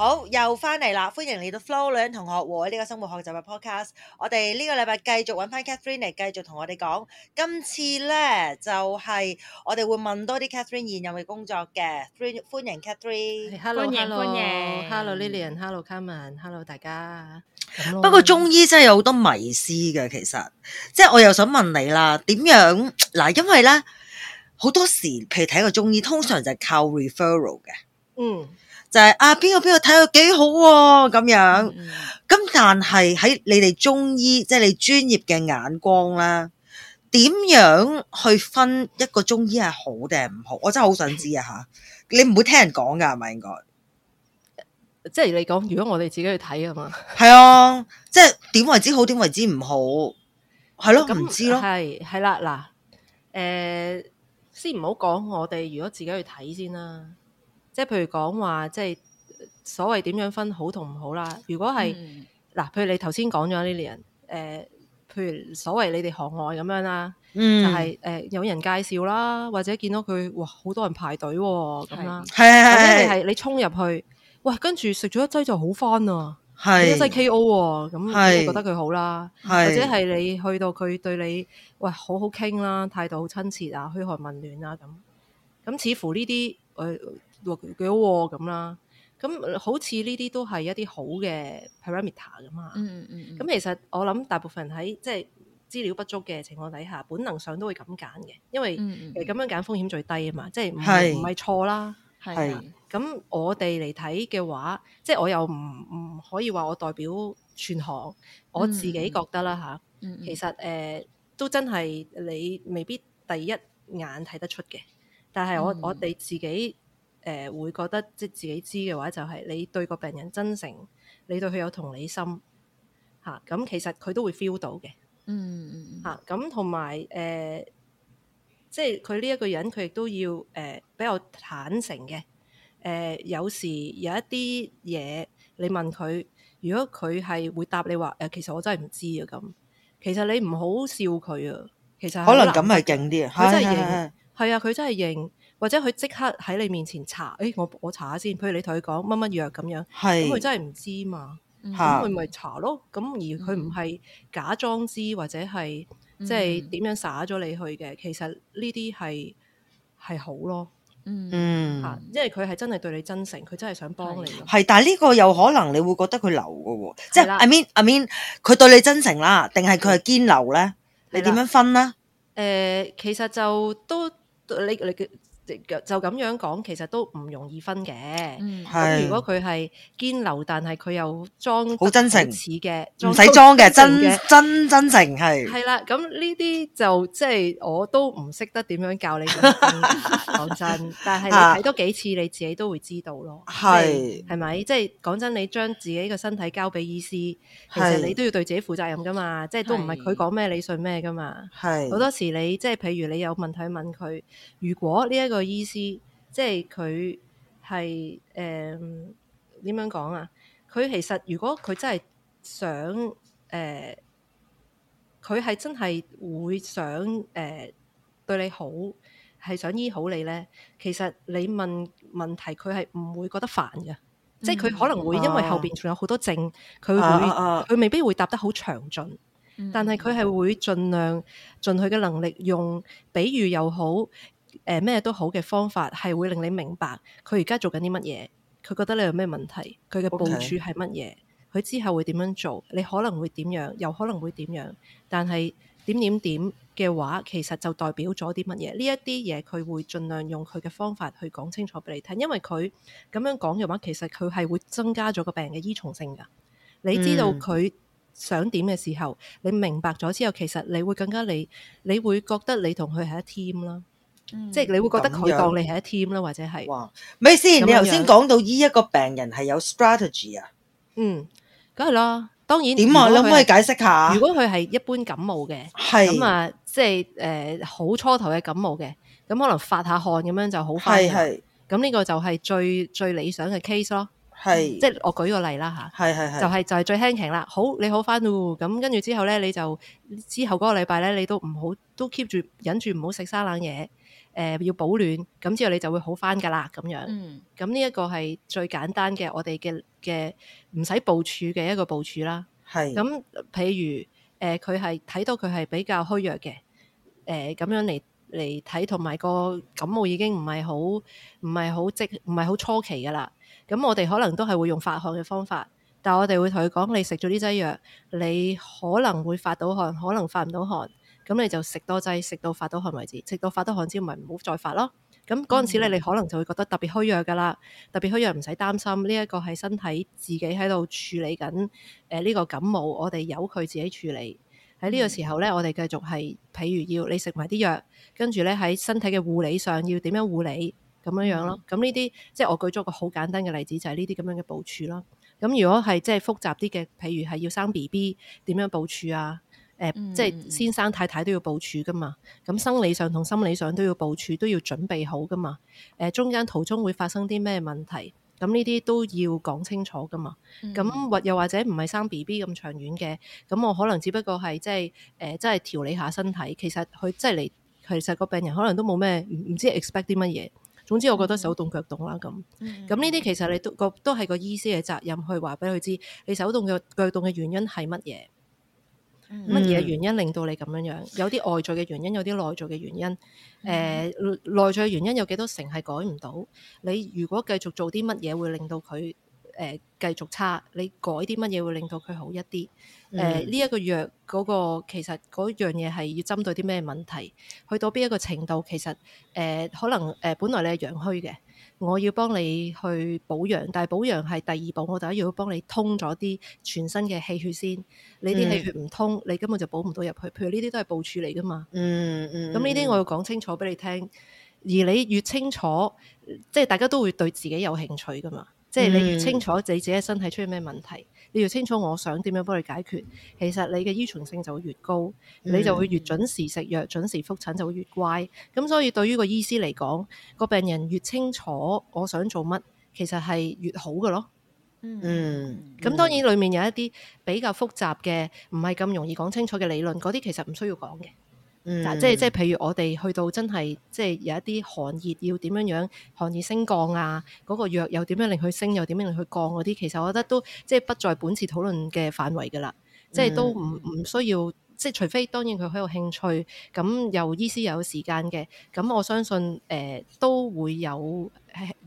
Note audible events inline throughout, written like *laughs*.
好，又翻嚟啦！歡迎嚟到 Flo 女同學會呢個生活學習嘅 podcast。我哋呢個禮拜繼續揾翻 Catherine，嚟繼續同我哋講。今次咧就係、是、我哋會問多啲 Catherine 現任嘅工作嘅。歡迎 Catherine，、hey, hello ,歡迎歡迎，Hello Lily，Hello Carmen，Hello 大家。不過中醫真係有好多迷思嘅，其實即係我又想問你啦，點樣嗱？因為咧好多時，譬如睇個中醫，通常就係靠 referral 嘅。嗯。就係、是、啊邊個邊個睇佢幾好咁、啊、樣，咁、嗯、但係喺你哋中醫即係、就是、你專業嘅眼光啦，點樣去分一個中醫係好定係唔好？我真係好想知 *laughs* 啊吓！你唔會聽人講噶係咪？應該即係你講，如果我哋自己去睇啊嘛，係 *laughs* 啊，即係點為之好，點為之唔好，係咯，咁唔、嗯、知咯，係係啦嗱，誒，先唔好講我哋如果自己去睇先啦。即係，譬如講話，即係所謂點樣分好同唔好啦。如果係嗱，譬如你頭先講咗呢啲人，誒，譬如所謂你哋行外咁樣啦，嗯，就係誒有人介紹啦，或者見到佢哇，好多人排隊咁啦，係，或者你係你衝入去，哇，跟住食咗一劑就好翻啊，係一劑 K.O. 咁，就覺得佢好啦，或者係你去到佢對你哇好好傾啦，態度好親切啊，噓寒問暖啊，咁咁似乎呢啲誒。幾好喎咁啦，咁好似呢啲都係一啲好嘅 parameter 㗎嘛。嗯嗯咁、嗯嗯嗯、其實我諗大部分人喺即係資料不足嘅情況底下，本能上都會咁揀嘅，因為誒咁樣揀風險最低啊嘛，嗯嗯、即係唔係錯啦。係、啊。咁是我哋嚟睇嘅話，即、就、係、是、我又唔唔可以話我代表全行，我自己覺得啦吓，嗯嗯嗯、其實誒、呃、都真係你未必第一眼睇得出嘅，但係我我哋自己。嗯嗯誒，會覺得即自己知嘅話，就係你對個病人真誠，你對佢有同理心，吓咁其實佢都會 feel 到嘅。嗯嗯，吓咁同埋誒，即係佢呢一個人，佢亦都要誒比較坦誠嘅。誒，有時有一啲嘢你問佢，如果佢係會答你話誒，其實我真係唔知啊咁。其實你唔好笑佢啊，其實可能咁係勁啲啊，佢真係認，係啊，佢真係認。或者佢即刻喺你面前查，誒、哎，我我查下先。譬如你同佢講乜乜藥咁樣，咁佢是真係唔知嘛，咁佢咪查咯。咁而佢唔係假裝知或者係即係點樣耍咗你去嘅，其實呢啲係係好咯。嗯，吓，因為佢係真係對你真誠，佢真係想幫你。係，但係呢個有可能你會覺得佢流噶喎，即係 I mean I mean，佢對你真誠啦，定係佢係堅流咧？的你點樣分咧？誒、呃，其實就都你你嘅。你就咁樣講，其實都唔容易分嘅。咁、嗯、如果佢係堅流，但係佢又裝好真誠似嘅，唔使裝嘅真真真誠係係啦，咁呢啲就即係、就是、我都唔識得點樣教你講真。 *laughs* 但係睇多幾次，啊、你自己都會知道咯。係係咪？即係講真，你將自己嘅身體交俾醫師，其實你都要對自己負責任噶嘛。即係都唔係佢講咩，你信咩噶嘛。係好的多時你即係譬如你有問題問佢，如果呢、這、一個。嘅意思，即係佢係誒點樣講啊？佢其實如果佢真係想誒，佢、呃、係真係會想誒、呃、對你好，係想醫好你咧。其實你問問題，佢係唔會覺得煩嘅。嗯、即係佢可能會因為後邊仲有好多症，佢、嗯、會佢、啊啊啊、未必會答得好詳盡，嗯、但係佢係會盡量盡佢嘅能力用，比喻又好。誒，咩、呃、都好嘅方法係會令你明白佢而家做緊啲乜嘢？佢覺得你有咩問題？佢嘅部署係乜嘢？佢 Okay. 之後會點樣做？你可能會點樣，又可能會點樣？但係點點點嘅話，其實就代表咗啲乜嘢？呢一啲嘢佢會盡量用佢嘅方法去講清楚俾你聽，因為佢咁樣講嘅話，其實佢係會增加咗個病嘅依從性噶。你知道佢想點嘅時候，mm. 你明白咗之後，其實你會更加你你會覺得你同佢係一 team 啦。嗯、即係你會覺得佢樣當你係一 team 啦，或者係咪先，等等樣你頭先講到呢一個病人係有 strategy 啊，嗯，梗係啦，當然點啊，你可以解釋下，如果佢係一,一般感冒嘅，係咁啊，即係誒好初頭嘅感冒嘅，咁可能發下汗咁樣就好快，咁呢個就係最最理想嘅 case 咯，係是、嗯，即係我舉個例啦吓，係係係，就係就係最輕型啦，好你好翻喎，咁跟住之後咧，你就之後嗰個禮拜咧，你都唔好都 keep 住忍住唔好食生冷嘢。誒、呃，要保暖，咁之後你就會好翻噶啦，咁樣。咁呢一個係最簡單嘅，我哋嘅嘅唔使部署嘅一個部署啦。係咁是，譬如誒，佢係睇到佢係比較虛弱嘅，誒、呃，咁樣嚟嚟睇，同埋個感冒已經唔係好，唔係好積，唔係好初期噶啦。咁我哋可能都係會用發汗嘅方法，但係我哋會同佢講，你食咗呢劑藥，你可能會發到汗，可能發唔到汗。咁你就食多劑，食到發到汗為止，食到發到汗之後咪唔好再發咯。咁嗰陣時咧，你可能就會覺得特別虛弱噶啦。特別虛弱唔使擔心，呢一個係身體自己喺度處理緊。誒，呢個感冒我哋由佢自己處理。喺呢個時候咧，我哋繼續係，譬如要你食埋啲藥，跟住咧喺身體嘅護理上要點樣護理咁樣樣咯。咁呢啲即係我舉咗個好簡單嘅例子，就係呢啲咁樣嘅部署咯。咁如果係即係複雜啲嘅，譬如係要生 BB，點樣部署啊？誒，嗯、即係先生太太都要部署噶嘛，咁生理上同心理上都要部署，都要準備好噶嘛。誒、呃，中間途中會發生啲咩問題，咁呢啲都要講清楚噶嘛。咁、嗯、或又或者唔係生 B B 咁長遠嘅，咁我可能只不過係即係誒，即係調、呃、理下身體。其實佢即係嚟其實個病人，可能都冇咩唔唔知 expect 啲乜嘢。總之我覺得手凍腳凍啦咁。咁呢啲其實你都個都係個醫師嘅責任，去話俾佢知你手凍嘅腳凍嘅原因係乜嘢。乜嘢原因令到你咁樣樣？有啲外在嘅原因，有啲內在嘅原因。誒、呃，內在嘅原因有幾多成係改唔到？你如果繼續做啲乜嘢會令到佢誒繼續差？你改啲乜嘢會令到佢好一啲？誒、呃，呢、這、一個藥嗰、那個其實嗰樣嘢係要針對啲咩問題？去到邊一個程度？其實誒、呃、可能誒、呃，本來你係陽虛嘅。我要幫你去補養，但係補養係第二步，我第一要幫你通咗啲全身嘅氣血先。你啲氣血唔通，嗯、你根本就補唔到入去。譬如呢啲都係部署嚟㗎嘛。嗯嗯。咁呢啲我要講清楚俾你聽，而你越清楚，即係大家都會對自己有興趣㗎嘛。即係你越清楚你自己，自己身體出現咩問題，嗯、你越清楚我想點樣幫你解決。其實你嘅依從性就會越高，你就會越準時食藥、準時複診就會越乖。咁所以對於個醫師嚟講，個病人越清楚我想做乜，其實係越好嘅咯。嗯，咁當然裏面有一啲比較複雜嘅，唔係咁容易講清楚嘅理論，嗰啲其實唔需要講嘅。嗱，嗯、即係即係，譬如我哋去到真係，即係有一啲寒熱要點樣樣，寒熱升降啊，嗰、那個藥又點樣令佢升，又點樣令佢降嗰啲，其實我覺得都即係不在本次討論嘅範圍噶啦，即係都唔唔需要，即係除非當然佢好有興趣，咁又醫師又有時間嘅，咁我相信誒、呃、都會有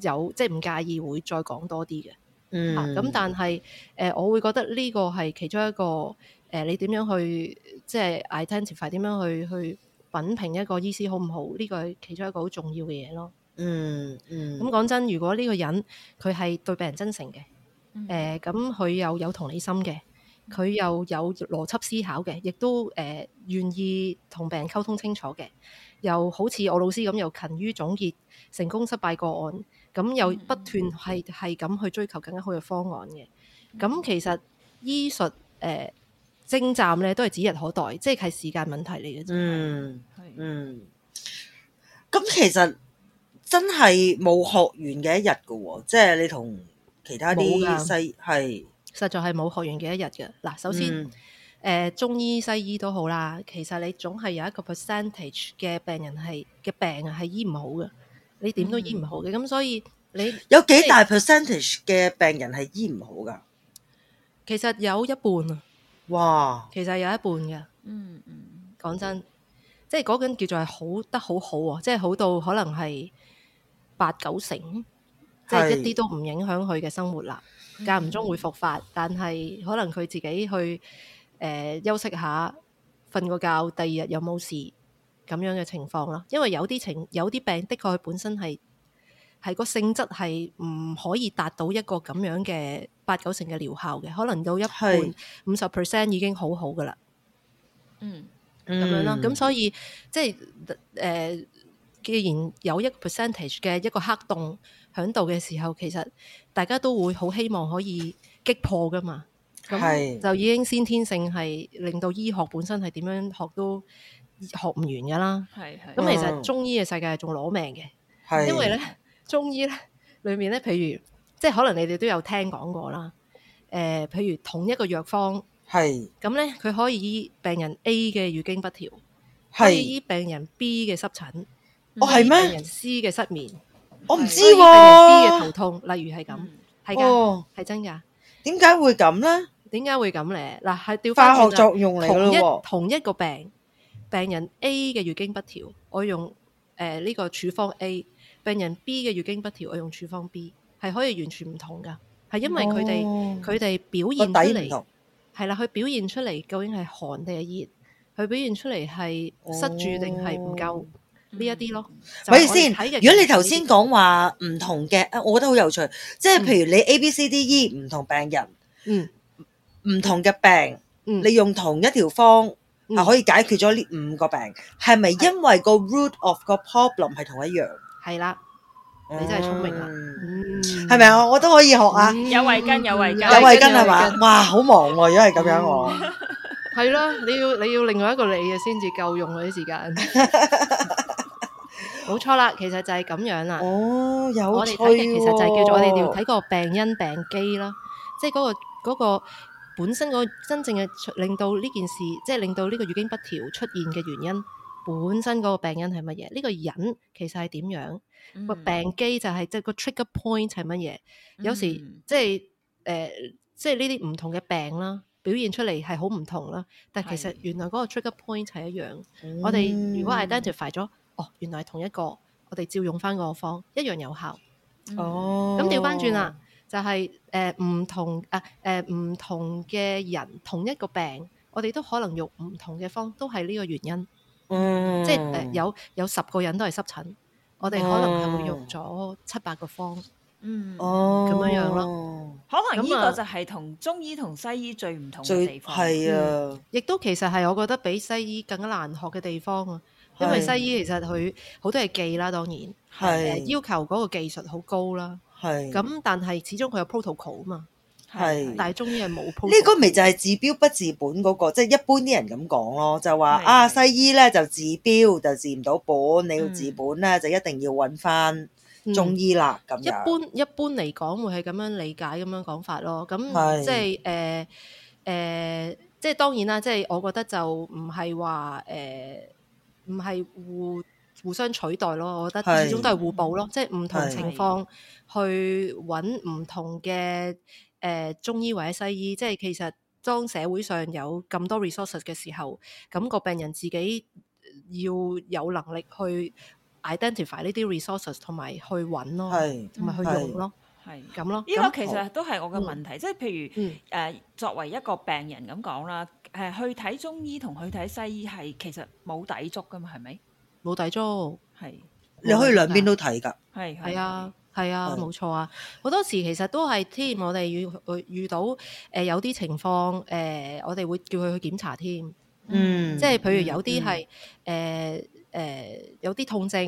有即係唔介意會再講多啲嘅，嗯，咁、啊、但係誒、呃，我會覺得呢個係其中一個。誒，你點樣去即係 identify？點樣去去品評一個醫師好唔好？呢個係其中一個好重要嘅嘢咯。嗯嗯。咁講真，如果呢個人佢係對病人真誠嘅，誒咁佢又有同理心嘅，佢又有邏輯思考嘅，亦都誒願意同病人溝通清楚嘅，又好似我老師咁，又勤於總結成功失敗個案，咁又不斷係係咁去追求更加好嘅方案嘅。咁其實醫術誒。征站咧都係指日可待，即係係時間問題嚟嘅啫。嗯，是嗯，嗯。咁其實真係冇學完嘅一日噶，即係你同其他啲西係，是實在係冇學完嘅一日嘅嗱。首先，誒、嗯呃、中醫西醫都好啦，其實你總係有一個 percentage 嘅病人係嘅病人係醫唔好嘅，你點都醫唔好嘅。咁、嗯、所以你有幾大 percentage 嘅病人係醫唔好噶？其實有一半啊。哇，其實有一半嘅、嗯，嗯嗯，講真，即係嗰緊叫做係好得好好、啊、喎，即、就、係、是、好到可能係八九成，即係是一啲都唔影響佢嘅生活啦。間唔中會復發，嗯、但係可能佢自己去誒、呃、休息下，瞓個覺，第二日有冇事咁樣嘅情況囉。因為有啲情有啲病，的確佢本身係。係個性質係唔可以達到一個咁樣嘅八九成嘅療效嘅，可能到一半五十 percent 已經好好噶啦。嗯，咁樣囉。咁、嗯、所以即係誒、呃，既然有一 percentage 嘅一個黑洞響度嘅時候，其實大家都會好希望可以擊破噶嘛。係就已經先天性係令到醫學本身係點樣學都學唔完噶啦。係係咁，其實中醫嘅世界係仲攞命嘅，因為咧。中醫咧，裏面咧，譬如即係可能你哋都有聽講過啦。誒，譬如同一個藥方係咁咧，佢可以醫病人 A 嘅月經不調，可以醫病人 B 嘅濕疹，哦係咩？病人 C 嘅失眠，我唔知喎。病人 B 嘅頭痛，例如係咁，係噶，係真噶。點解會咁咧？點解會咁咧？嗱，係調化學作用嚟噶咯。同一個病，病人 A 嘅月經不調，我用誒呢個處方 A。病人 B 嘅月經不調，我用處方 B 係可以完全唔同噶，係因為佢哋佢哋表現出嚟係啦。佢表現出嚟究竟係寒定係熱？佢表現出嚟係實住定係唔夠呢一啲咯？咪住先，如果你頭先講話唔同嘅，我覺得好有趣。即係譬如你 A、B、C、D、E 唔同病人，嗯，唔、嗯、同嘅病，你用同一條方係可以解決咗呢五個病，係咪因為個 root of 個 problem 係同一樣？係啦，你真係聰明啦，係咪啊？我都可以學啊。有慧根，有慧根，有慧根係嘛？哇，好忙喎！如果係咁樣我，係咯，你要你要另外一個你嘅先至夠用嗰啲時間。冇錯啦，其實就係咁樣啦。哦，我哋睇嘅，有趣。其實就係叫做我哋要睇個病因病機啦，即係嗰個嗰個本身個真正嘅令到呢件事，即係令到呢個月經不調出現嘅原因。本身嗰個病因係乜嘢？呢、呢個人其實係點樣，個病機就係即係個 trigger point 係乜嘢？嗯、有時即係誒即係呢啲唔同嘅病啦，表現出嚟係好唔同啦。但其實原來嗰個 trigger point 係一樣，嗯、我哋如果係 identify 咗，哦，原來係同一個，我哋照用翻個方一樣有效。嗯、哦。咁調翻轉啦，就係誒唔同啊誒唔同嘅人同一個病，我哋都可能用唔同嘅方，都係呢個原因。嗯，即係誒，有有十個人都係濕疹，我哋可能係會用咗七八個方，嗯，哦，咁樣樣咯，可能呢個就係同中醫同西醫最唔同嘅地方係啊，亦、嗯、都其實係我覺得比西醫更加難學嘅地方啊，因為西醫其實佢好多係記啦，當然係是、呃、要求嗰個技術好高啦，係咁是，但係始終佢有 protocol 啊嘛。係，是但係中醫係冇。呢個咪就係治標不治本嗰個，即係一般啲人咁講咯，就話是是 啊西醫咧就治標，就治唔到本，你要治本咧，嗯、就一定要揾翻中醫啦。咁，嗯、一般一般嚟講，會係咁樣理解咁樣講法咯。咁是 即係誒誒，即係當然啦。即係我覺得就唔係話誒唔係互互相取代咯。我覺得始終都係互補咯，即係唔同情況去揾唔同嘅。的誒，中醫或者西醫，即係其實當社會上有咁多 resources 嘅時候，咁個病人自己要有能力去 identify 呢啲 resources，同埋去揾咯，同埋去用咯，係咁咯。呢個其實都係我嘅問題，即係譬如誒，作為一個病人咁講啦，誒，去睇中醫同去睇西醫係其實冇抵觸噶嘛係咪？冇抵觸，係你可以兩邊都睇噶係係啊。係啊，冇錯啊。好多時其實都係添，我哋要遇到誒、呃、有啲情況誒、呃，我哋會叫佢去檢查添。呃、嗯，即係譬如有啲係誒誒有啲痛症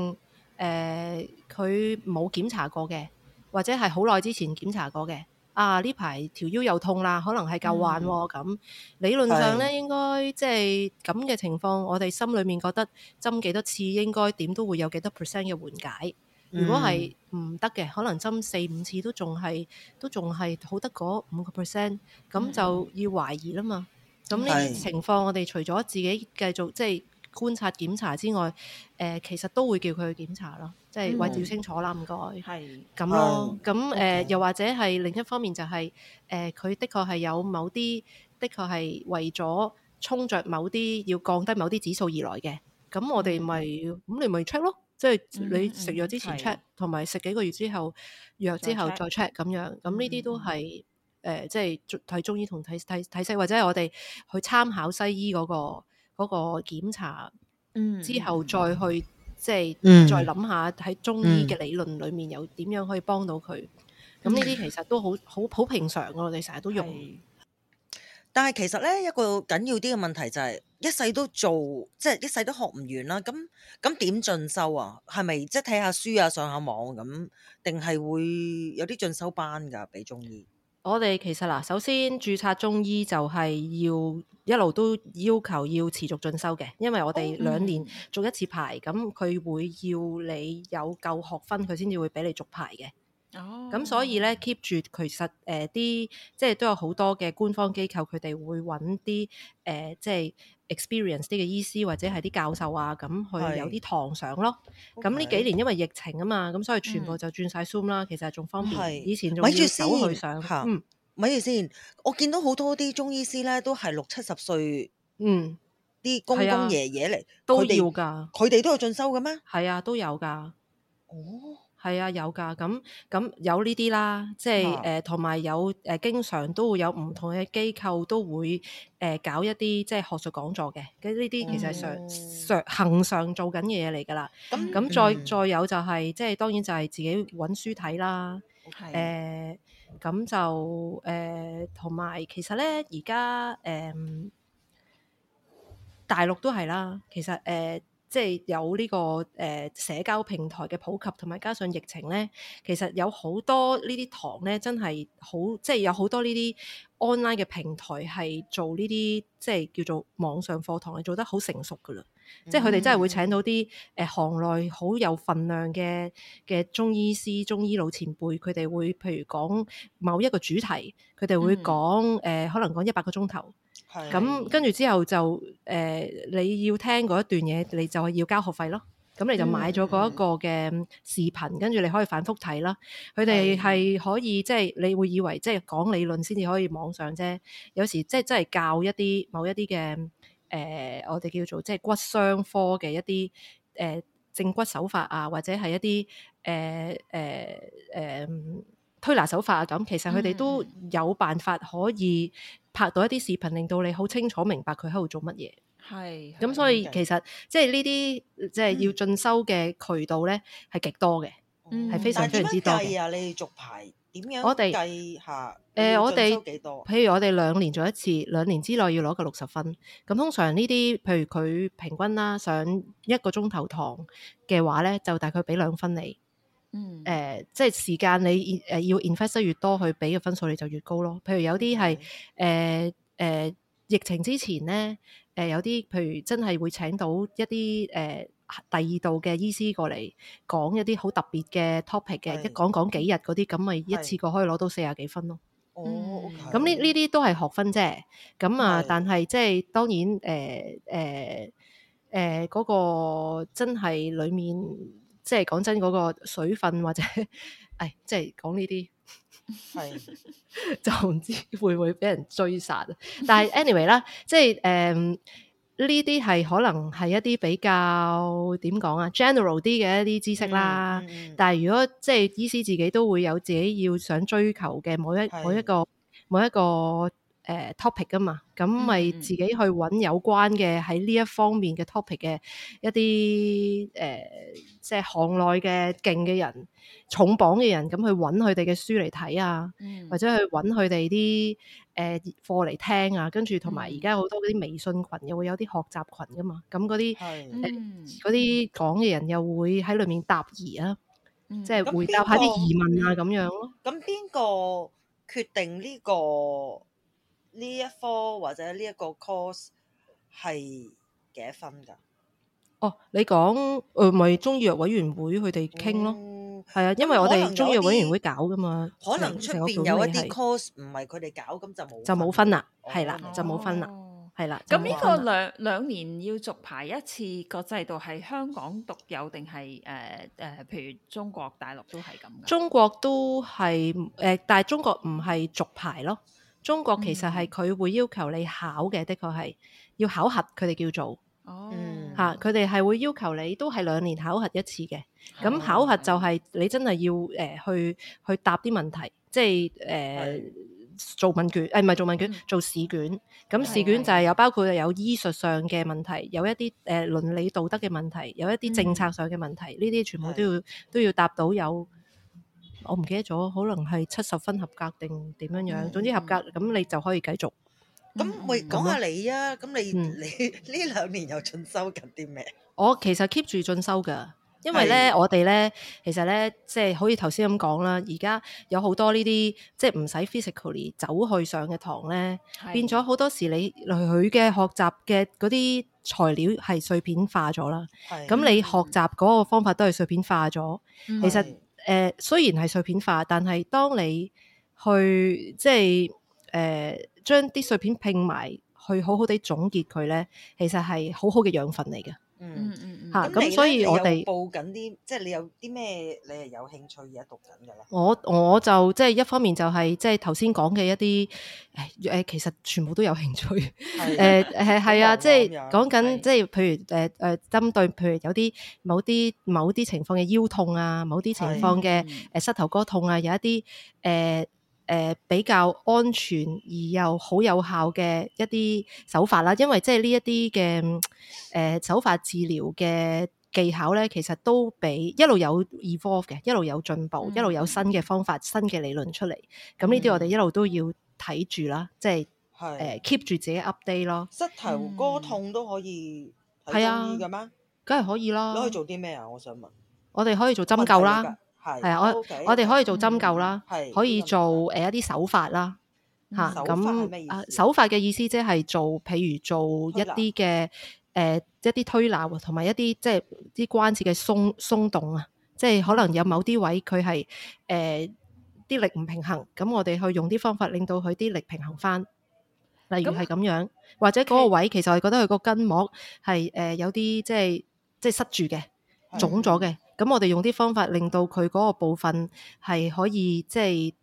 誒，佢、呃、冇檢查過嘅，或者係好耐之前檢查過嘅啊。呢排條腰又痛啦，可能係舊患喎、啊。咁、嗯、理論上咧，是應該即係咁嘅情況，我哋心裡面覺得針幾多次應該點都會有幾多 percent 嘅緩解。如果係唔得嘅，可能針四五次都仲係都仲係好得嗰五個 percent，咁就要懷疑啦嘛。咁呢、嗯、情況我哋除咗自己繼續即係、就是、觀察檢查之外，誒、呃、其實都會叫佢去檢查咯，即、就、係、是、為照清楚啦，唔該係咁咯。咁誒又或者係另一方面就係誒佢的確係有某啲，的確係為咗衝着某啲要降低某啲指數而來嘅，咁我哋咪咁，你咪 check 咯。即係你食藥之前 check，同埋食幾個月之後藥之後再 check 咁樣，咁呢啲都係誒，即係睇中醫同睇睇睇西，或者係我哋去參考西醫嗰個嗰個檢查，嗯，之後再去即係，嗯，再諗下喺中醫嘅理論裏面有點樣可以幫到佢，咁呢啲其實都好好好平常，我哋成日都用。但係其實咧一個緊要啲嘅問題就係、是、一世都做即係一世都學唔完啦，咁咁點進修啊？係咪即係睇下書啊、上下網咁、啊？定係會有啲進修班㗎？俾中醫？我哋其實嗱，首先註冊中醫就係要一路都要求要持續進修嘅，因為我哋兩年續一次牌，咁佢、oh, um. 會要你有夠學分，佢先至會俾你續牌嘅。哦，咁所以咧 keep 住，其實誒啲、呃、即係都有好多嘅官方機構，佢哋會揾啲誒即係 experience 啲嘅醫師或者係啲教授啊，咁去有啲堂上咯。咁呢、okay，幾年因為疫情啊嘛，咁所以全部就轉晒 Zoom 啦。其實仲方便，等等以前仲要走去上。嗯，咪住先，我見到好多啲中醫師咧，都係六七十歲，嗯，啲公公爺爺嚟都要噶，佢哋都有進修嘅咩？係啊，都有噶。哦。係啊，有噶，咁咁有呢啲啦，即係誒，同、呃、埋有誒、呃，經常都會有唔同嘅機構都會誒、呃、搞一啲即係學術講座嘅，咁呢啲其實上、嗯、上恒常做緊嘅嘢嚟噶啦。咁咁、嗯、再再有就係、是、即係當然就係自己搵書睇啦。係誒 Okay.、呃，咁就誒同埋，呃、其實咧而家誒大陸都係啦，其實誒。呃即係有呢、這個誒、呃、社交平台嘅普及，同埋加上疫情咧，其實有好多呢啲堂咧，真係好即係有好多呢啲 online 嘅平台係做呢啲即係叫做網上課堂，係做得好成熟噶啦。Mm hmm. 即係佢哋真係會請到啲誒、呃、行內好有份量嘅嘅中醫師、中醫老前輩，佢哋會譬如講某一個主題，佢哋會講誒、mm hmm. 呃、可能講一百個鐘頭。咁、嗯、跟住之後就誒、呃，你要聽嗰一段嘢，你就係要交學費咯。咁你就買咗嗰一個嘅視頻，嗯嗯、跟住你可以反覆睇啦。佢哋係可以即係、即係、你會以為即係講理論先至可以網上啫。有時即係真係教一啲某一啲嘅誒，我哋叫做即係骨傷科嘅一啲誒、呃、正骨手法啊，或者係一啲誒誒誒推拿手法啊咁。其實佢哋都有辦法可以。拍到一啲視頻，令到你好清楚明白佢喺度做乜嘢。係咁，所以 Okay. 其實即係呢啲即係要進修嘅渠道咧，係極多嘅，係、嗯、非常非常之多。啊，你續牌點樣？我哋計下誒，我哋幾多？譬如我哋兩年做一次，兩年之內要攞個六十分。咁通常呢啲，譬如佢平均啦，上一個鐘頭堂嘅話咧，就大概俾兩分你。嗯，誒，uh, 即係時間你誒、uh, 要 invest 得越多，佢俾嘅分數你就越高咯。譬如有啲係誒誒疫情之前咧，誒、呃、有啲譬如真係會請到一啲誒、uh, 第二度嘅醫師過嚟講一啲好特別嘅 topic 嘅是，一講講幾日嗰啲，咁咪一次過可以攞到四十幾分咯。哦，咁呢呢啲都係學分啫。咁啊，但係即係當然誒誒誒嗰個真係裡面。即係講真嗰、那個水分或者，誒、哎，即係講呢啲，係 *laughs* *laughs* 就唔知會唔會俾人追殺。但係 anyway 啦，即係誒呢啲係可能係一啲比較點講啊 general 啲嘅一啲知識啦。嗯嗯、但係如果即係醫師自己都會有自己要想追求嘅每一每一個每一個。誒、uh, topic 噶嘛，咁咪自己去揾有關嘅喺呢一方面嘅 topic 嘅一啲誒，即、uh, 係行內嘅勁嘅人，重磅嘅人，咁去揾佢哋嘅書嚟睇啊，mm. 或者去揾佢哋啲誒課嚟聽啊。跟住同埋而家好多嗰啲微信群，又會有啲學習群噶嘛，咁嗰啲嗰啲講嘅人又會喺裏面答疑啊，即係、mm. 回答一下啲疑問啊咁誰樣咯，啊。咁邊個決定呢個？呢一科或者呢一個 course 係幾多分噶？哦，你講誒咪中醫藥委員會佢哋傾咯，係啊，因為我哋中醫藥委員會搞噶嘛。可能出邊有一啲 course 唔係佢哋搞，咁就冇就冇分啦，係啦，就冇分啦，係啦。咁呢個兩兩年要續牌一次個制度係香港獨有定係誒誒，譬如中國大陸都係咁？中國都係誒，但係中國唔係續牌咯。中國其實係佢會要求你考嘅，的確係要考核，佢哋叫做哦嚇，佢哋係會要求你都係兩年考核一次嘅。咁、oh. 考核就係你真係要誒、呃、去去答啲問題，即係誒、呃、對做問卷，誒唔係做問卷，做試卷。咁試、嗯卷，嗯、卷就係有包括有醫術上嘅問題，有一啲誒倫理道德嘅問題，有一啲政策上嘅問題，呢啲、嗯、全部都要對都要答到有。我唔記得咗，可能係七十分合格定點樣樣？嗯、總之合格，咁你就可以繼續。咁喂、嗯，講、嗯、下、嗯、你啊，咁你、嗯、你呢兩年又進修緊啲咩？我其實 keep 住進修㗎，因為咧的我哋咧其實咧即係好似頭先咁講啦，而家有好多呢啲即係、就、唔、是、使 physically 走去上嘅堂咧，的變咗好多時你佢嘅學習嘅嗰啲材料係碎片化咗啦。係咁的，你學習嗰個方法都係碎片化咗。的的其實。誒、呃、雖然係碎片化，但係當你去即係誒、呃、將啲碎片拼埋，去好好哋總結佢咧，其實係好好嘅養分嚟嘅。 *music* 嗯嗯嗯，吓咁、啊嗯，所以我哋報緊啲，即係你有啲咩？你係有興趣而家讀緊嘅咧？我我就即係一方面就係、是、即係頭先講嘅一啲誒誒，其實全部都有興趣。誒誒係啊，即係講緊即係譬如誒誒、呃，針對譬如有啲某啲某啲情況嘅腰痛啊，某啲情況嘅誒膝頭哥痛啊，有一啲誒。呃誒、呃，比較安全而又好有效嘅一啲手法啦，因為即係呢一啲嘅誒手法治療嘅技巧咧，其實都比一路有 evolve 嘅，一路有進、e、步，一路有，、嗯、一路有新嘅方法、新嘅理論出嚟。咁呢啲我哋一路都要睇住啦，即係誒 keep 住自己 update 咯。膝頭哥痛都可以係、嗯、啊？㗎咩？梗係可以啦。你可以做啲咩啊？我想問。我哋可以做針灸啦。係啊 Okay,，我我哋可以做針灸啦，嗯、可以做誒一啲手法啦，吓咁手法嘅意思即係做，譬如做一啲嘅誒，一啲推拿同埋一啲即係啲關節嘅鬆鬆動啊，即係可能有某啲位佢係誒啲力唔平衡，咁我哋去用啲方法令到佢啲力平衡翻。例如係咁樣，那或者嗰個位其實我覺得佢個筋膜係誒、呃、有啲即係即係塞住嘅，腫咗嘅。的咁我哋用啲方法令到佢嗰個部分係可以即係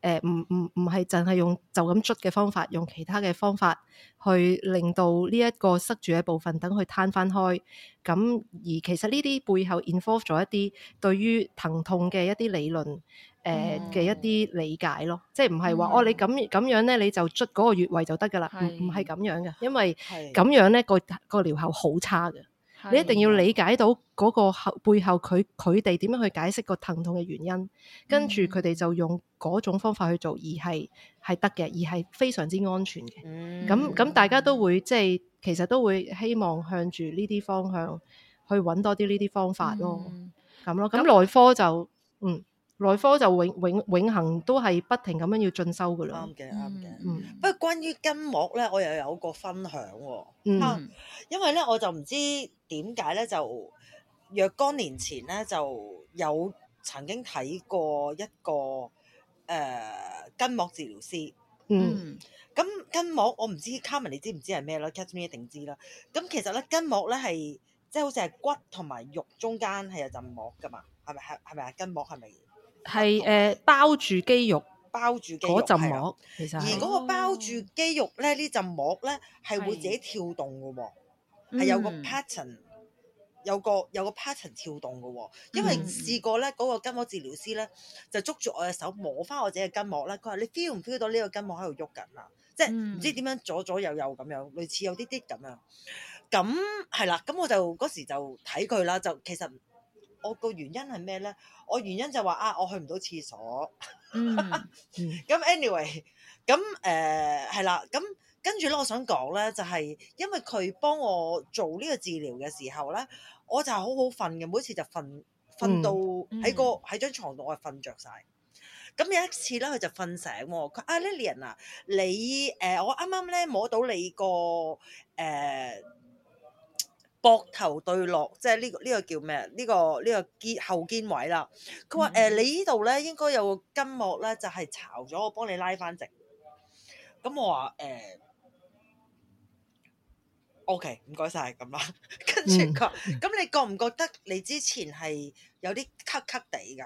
誒唔唔唔係淨係用就咁捽嘅方法，用其他嘅方法去令到呢一個塞住嘅部分等佢攤翻開，咁而其實呢啲背後 involve 咗一啲對於疼痛嘅一啲理論誒嘅、呃 mm. 一啲理解咯。即係唔係話哦你咁咁樣咧你就捽嗰個穴位就得噶啦？唔係係咁樣嘅，因為咁樣咧是、嗰個、嗰個療效好差嘅。你一定要理解到嗰個背後佢佢哋點樣去解釋個疼痛嘅原因，嗯、跟住佢哋就用嗰種方法去做而，而係係得嘅，而係非常之安全嘅。咁咁、嗯、大家都會即係、即係、其實都會希望向住呢啲方向去揾多啲呢啲方法咯，咁、嗯、咯，咁內科就嗯。內科就永永永恆都係不停咁樣要進修噶啦，啱嘅啱嘅。不過關於筋膜咧，我又有個分享喎、哦。嗯、啊，因為咧我就唔知點解咧就若干年前咧就有曾經睇過一個誒、呃、筋膜治療師。嗯，咁筋、嗯嗯嗯、膜我唔知，Carmen 你知唔知係咩咧？Catherine 一定知啦。咁、嗯、其實咧筋膜咧係即係好似係骨同埋肉中間係有陣膜噶嘛，係咪係係咪啊？筋膜係咪？係誒、呃、包住肌肉，包住嗰陣膜，了其實而嗰個包住肌肉咧呢陣、哦、膜咧係會自己跳動噶喎，係是有個 pattern，、嗯、有個有個 pattern 跳動噶喎。因為試過咧，嗰、那個筋膜治療師咧就捉住我嘅手摸翻我自己嘅筋膜咧，佢話你 feel 唔 feel 到呢個筋膜喺度喐緊啊？即係唔知點樣左左右右咁樣，類似有啲啲咁樣。咁係啦，咁我就嗰時就睇佢啦，就其實。我個原因係咩咧？我原因就話、係、啊，我去唔到廁所。咁 anyway，咁誒係啦。咁跟住咧，我想講咧，就係、係、因為佢幫我做呢個治療嘅時候咧，我就係好好瞓嘅。每次就瞓瞓到喺個喺張、嗯嗯、床度，我係瞓着晒。咁有一次咧，佢就瞓醒喎。佢 a、啊、Lillian 啊，你誒、呃、我啱啱咧摸到你個誒。呃膊頭對落，即係呢個呢個叫咩？呢個呢個肩後肩位啦。佢話誒，你呢度咧應該有個筋膜咧，就係巢咗，我幫你拉翻直。咁我話誒，O K，唔該晒。欸」咁、okay，啦。 *laughs* *laughs* 跟住佢話，咁你覺唔覺得你之前係有啲咳咳地㗎？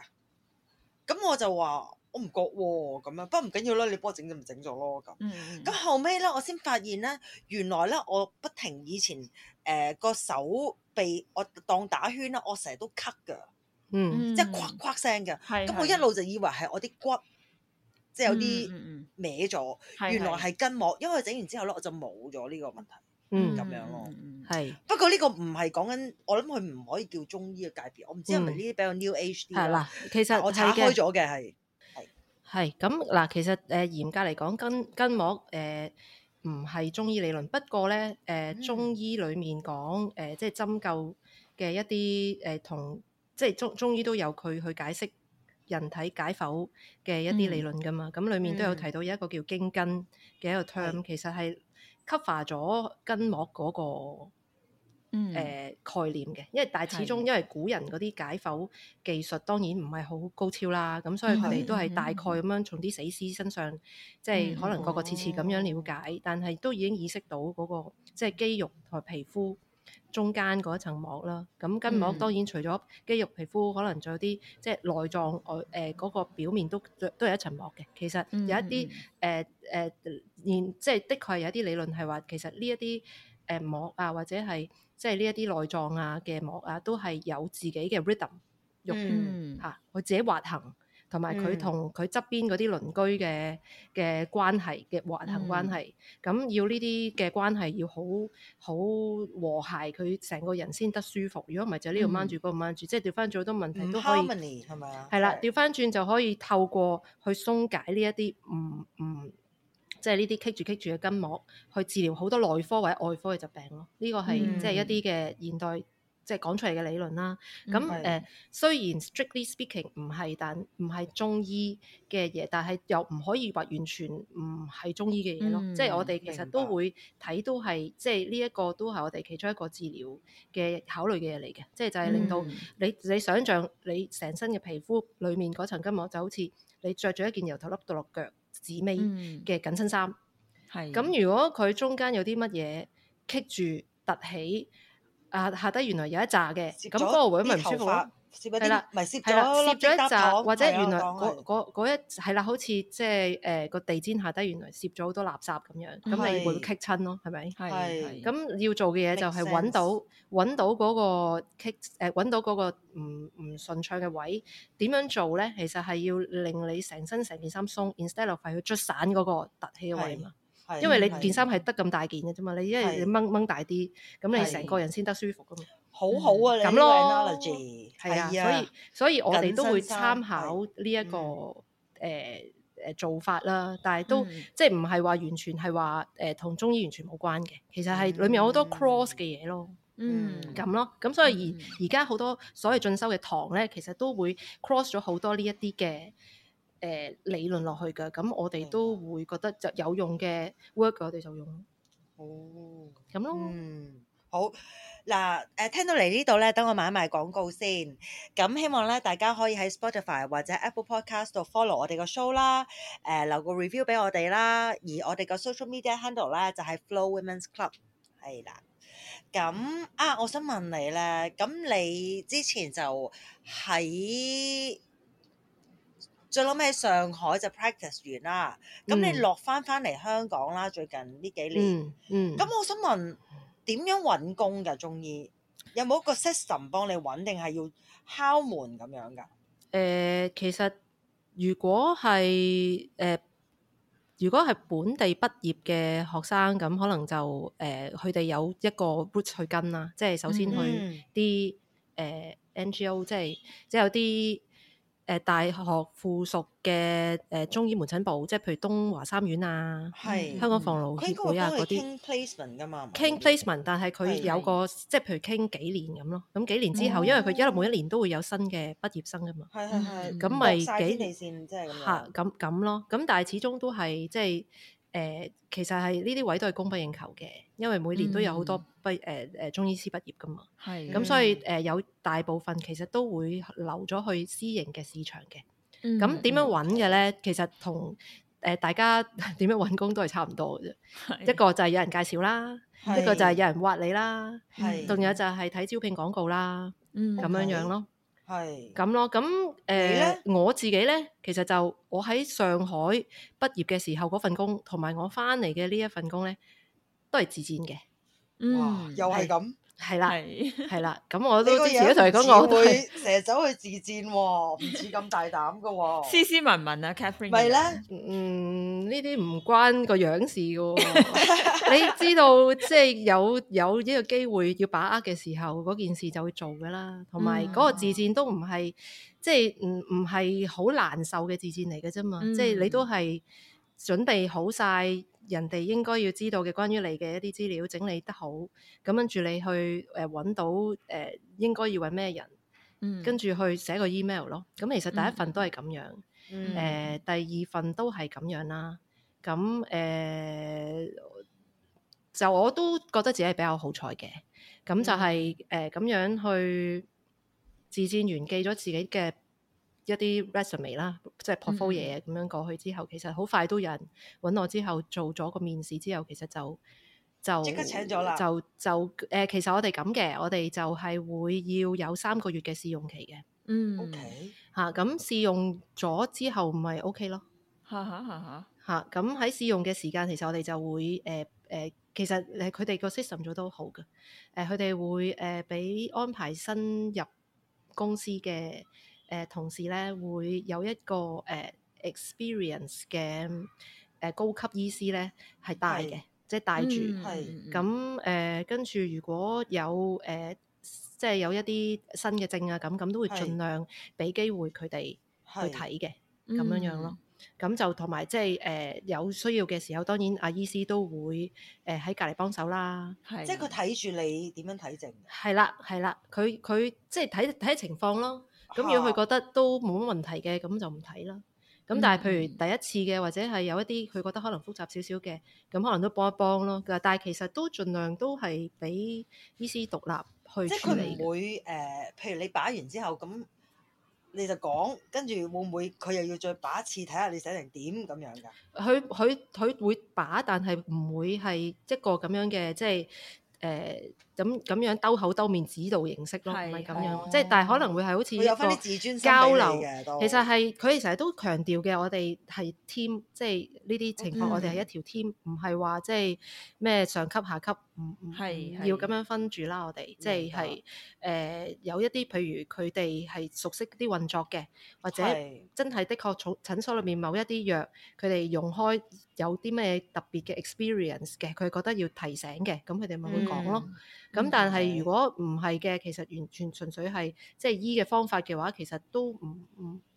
咁我就話我唔覺喎，咁樣不唔緊要啦，你幫我整就唔整咗咯咁。咁、嗯嗯、後尾咧，我先發現咧，原來咧我不停以前。誒個手臂我當打圈啦，我成日都咳嘅，嗯，即係啩啩聲嘅，咁我一路就以為係我啲骨即係有啲歪咗，原來係筋膜。因為整完之後咧，我就冇咗呢個問題，嗯，咁樣咯，係。不過呢個唔係講緊，我諗佢唔可以叫中醫嘅界別，我唔知係咪呢啲比較 new age。係啦，其實我拆開咗嘅係係係咁嗱，其實誒嚴格嚟講，筋筋膜誒，唔係中醫理論，不過呢，誒、呃、中醫裡面講，誒、呃、即係針灸嘅一啲，誒、呃、同即係中中醫都有佢去解釋人體解剖嘅一啲理論㗎嘛，咁、嗯、裡面都有提到有一個叫經筋嘅一個 term，、嗯、其實係 cover 咗筋膜嗰、那個。誒概念嘅，因為但係始終因為古人嗰啲解剖技術當然唔係好高超啦，咁所以佢哋都係大概咁樣從啲死屍身上，即係可能個個次次咁樣了解，但係都已經意識到嗰個即係肌肉同埋皮膚中間嗰一層膜啦。咁筋膜當然除咗肌肉皮膚，可能仲有啲即係內臟外誒嗰個表面都都有一層膜嘅。其實有一啲誒誒然即係的確係有一啲理論係話，其實呢一啲誒膜啊或者係。即係呢一啲內臟啊、嘅膜啊，都係有自己嘅 rhythm 肉，嚇佢、嗯啊、自己滑行，同埋佢同佢側邊嗰啲鄰居嘅嘅關係嘅滑行關係，咁、嗯、要呢啲嘅關係要好好和諧，佢成個人先得舒服。如果唔係就呢度掹住嗰度掹住，嗯、即係掉翻轉好多問題都可以係咪啊？係啦，掉翻轉就可以透過去鬆解呢一啲唔唔。嗯嗯即係呢啲棘住棘住嘅筋膜，去治療好多內科或者外科嘅疾病咯。呢、這個係即係一啲嘅現代、嗯、即係講出嚟嘅理論啦。咁誒，雖然 strictly speaking 唔係，但唔係中醫嘅嘢，但係又唔可以話完全唔係中醫嘅嘢咯。嗯、即係我哋其實都會睇，都係明白、即係呢一個都係我哋其中一個治療嘅考慮嘅嘢嚟嘅。即係就係令到你、嗯、你想象你成身嘅皮膚裏面嗰層筋膜就好似你着住一件由頭笠到落腳。紫薇嘅緊身衫，係、嗯、如果佢中間有啲乜嘢棘住凸起，啊下底原來有一紮嘅，咁嗰個位咪唔舒服。係啦，咪攝咗一扎或者原來嗰一係啦，好似即係誒個地氈下低原來涉咗好多垃圾咁樣，咁你會棘親咯，係咪？係。咁要做嘅嘢就係搵到搵到嗰個棘誒搵到嗰個唔唔順暢嘅位，點樣做咧？其實係要令你成身成件衫鬆，instead of 落嚟去捽散嗰個凸起嘅位嘛。因為你件衫係得咁大件嘅啫嘛，你一係你掹掹大啲，咁你成個人先得舒服噶嘛。好好啊！咁咯、嗯，係、嗯、啊，啊所，所以所以我哋都會參考呢、這、一個誒誒、呃、做法啦，但係都、嗯、即係唔係話完全係話誒同中醫完全冇關嘅，其實係裡面有好多 cross 嘅嘢咯，嗯，咁、嗯、咯，咁所以而而家好多所謂進修嘅堂咧，其實都會 cross 咗好多呢一啲嘅誒理論落去嘅，咁我哋都會覺得就有用嘅 work，我哋就用哦，咁咯，嗯。嗯嗯。好嗱，誒，聽到嚟呢度咧，等我買一買廣告先。咁希望咧，大家可以喺 Spotify 或者 Apple Podcast 度 follow 我哋個 show 啦。誒，留個 review 俾我哋啦。而我哋個 social media handle 咧就係 Flo Women's Club，係啦。咁啊，我想問你咧，咁你之前就喺最諗喺上海就 practice 完啦。咁你落翻翻嚟香港啦，mm. 最近呢幾年，嗯，咁我想問。點樣搵工嘅中醫？有冇一個 system 幫你搵，定係要敲門咁樣噶？誒、呃，其實如果係誒、呃，如果係本地畢業嘅學生，咁可能就誒，佢、呃、哋有一個 route 去跟啦，即係首先去啲誒、嗯嗯呃、NGO，即係即係有啲。誒、呃、大學附屬嘅誒中醫門診部，即係譬如東華三院啊，嗯、香港防勞協會啊嗰啲。嗯、些傾 placement 㗎嘛傾 King placement，但係佢有個係係係即係譬如傾幾年咁咯，咁幾年之後，嗯、因為佢一路每一年都會有新嘅畢業生㗎嘛。係係係。咁咪、嗯嗯、幾年先即係咁。嚇、啊，咁咁咯，咁但係始終都係即係。誒、呃，其實係呢啲位都係供不應求嘅，因為每年都有好多畢誒誒中醫師畢業噶嘛，係的，咁、嗯、所以誒、呃、有大部分其實都會留咗去私營嘅市場嘅，咁點樣搵嘅咧？嗯嗯嗯、其實同誒、呃、大家點樣搵工都係差唔多嘅啫，的一個就係有人介紹啦，的一個就係有人挖你啦，係的，仲有就係睇招聘廣告啦，咁、嗯嗯、樣樣咯。係咁是咯，咁誒、呃、呢我自己咧，其實就我喺上海畢業嘅時候嗰份工，同埋我返嚟嘅呢一份工咧，都係自薦嘅。哇嗯，又係咁。係啦，係啦，咁我都之前同你講過，成日走去自薦喎，唔似咁大膽噶喎，斯斯文文啊，Catherine。唔係咧，嗯，呢啲唔關個樣事噶，你知道，即係有有呢個機會要把握嘅時候，嗰件事就會做噶啦。同埋嗰個自薦都唔係，即係唔唔係好難受嘅自薦嚟嘅啫嘛，即係你都係準備好晒。人哋應該要知道嘅關於你嘅一啲資料整理得好，咁跟住你去誒揾、呃、到誒、呃、應該要揾咩人，嗯，嗯，跟住去寫個 email 咯。咁其實第一份都係咁樣，誒、嗯呃、第二份都係咁樣啦。咁、嗯、誒、呃、就我都覺得自己係比較好彩嘅，咁、嗯、就係誒咁樣去自薦完記咗自己嘅。一啲 resume 啦，即係 portfolio 咁樣過去之後，嗯、其實好快都有人揾我，之後做咗個面試之後，其實就就即刻請咗啦。就就誒、呃，其實我哋咁嘅，我哋就係會要有三個月嘅試用期嘅。嗯，OK 嚇、啊，咁試用咗之後咪 OK 咯。嚇嚇咁喺試用嘅時間，其實我哋就會誒誒、呃呃，其實佢哋個 system 咗都好嘅。佢、呃、哋會誒俾、呃、安排新入公司嘅。誒同時咧，會有一個誒 experience 嘅誒高級醫師咧，係帶嘅，即係帶住。係咁誒，跟住如果有誒，即係有一啲新嘅症啊，咁咁都會盡量俾機會佢哋去睇嘅，咁樣樣咯。咁就同埋即係誒有需要嘅時候，當然阿醫師都會誒喺隔離幫手啦。係即係佢睇住你點樣睇症。係啦，係啦，佢佢即係睇睇情況咯。咁、啊、如果佢覺得都冇乜問題嘅，咁就唔睇啦。咁但係譬如第一次嘅，嗯、或者係有一啲佢覺得可能複雜少少嘅，咁可能都幫一幫咯。但係其實都盡量都係俾醫師獨立去處理。即係佢唔會誒，譬如你把完之後，咁你就講，跟住會唔會佢又要再把一次睇下你寫成點咁樣㗎？佢佢佢會把，但係唔會係一個咁樣嘅，即係誒。咁咁樣兜口兜面指導形式咯，係咁樣，即係但係可能會係好似有啲自尊心嘅交流。其實係佢哋成日都強調嘅，我哋係 team，即係呢啲情況，嗯、我哋係一條 team，唔係話即係咩上級下級，唔唔係要咁樣分住啦。我哋的即係係誒有一啲，譬如佢哋係熟悉啲運作嘅，或者真係的確從診所裏面某一啲藥，佢哋用開有啲咩特別嘅 experience 嘅，佢覺得要提醒嘅，咁佢哋咪會講咯。嗯咁、嗯、但係如果唔係嘅，其實完全純粹係即係醫嘅方法嘅話，其實都唔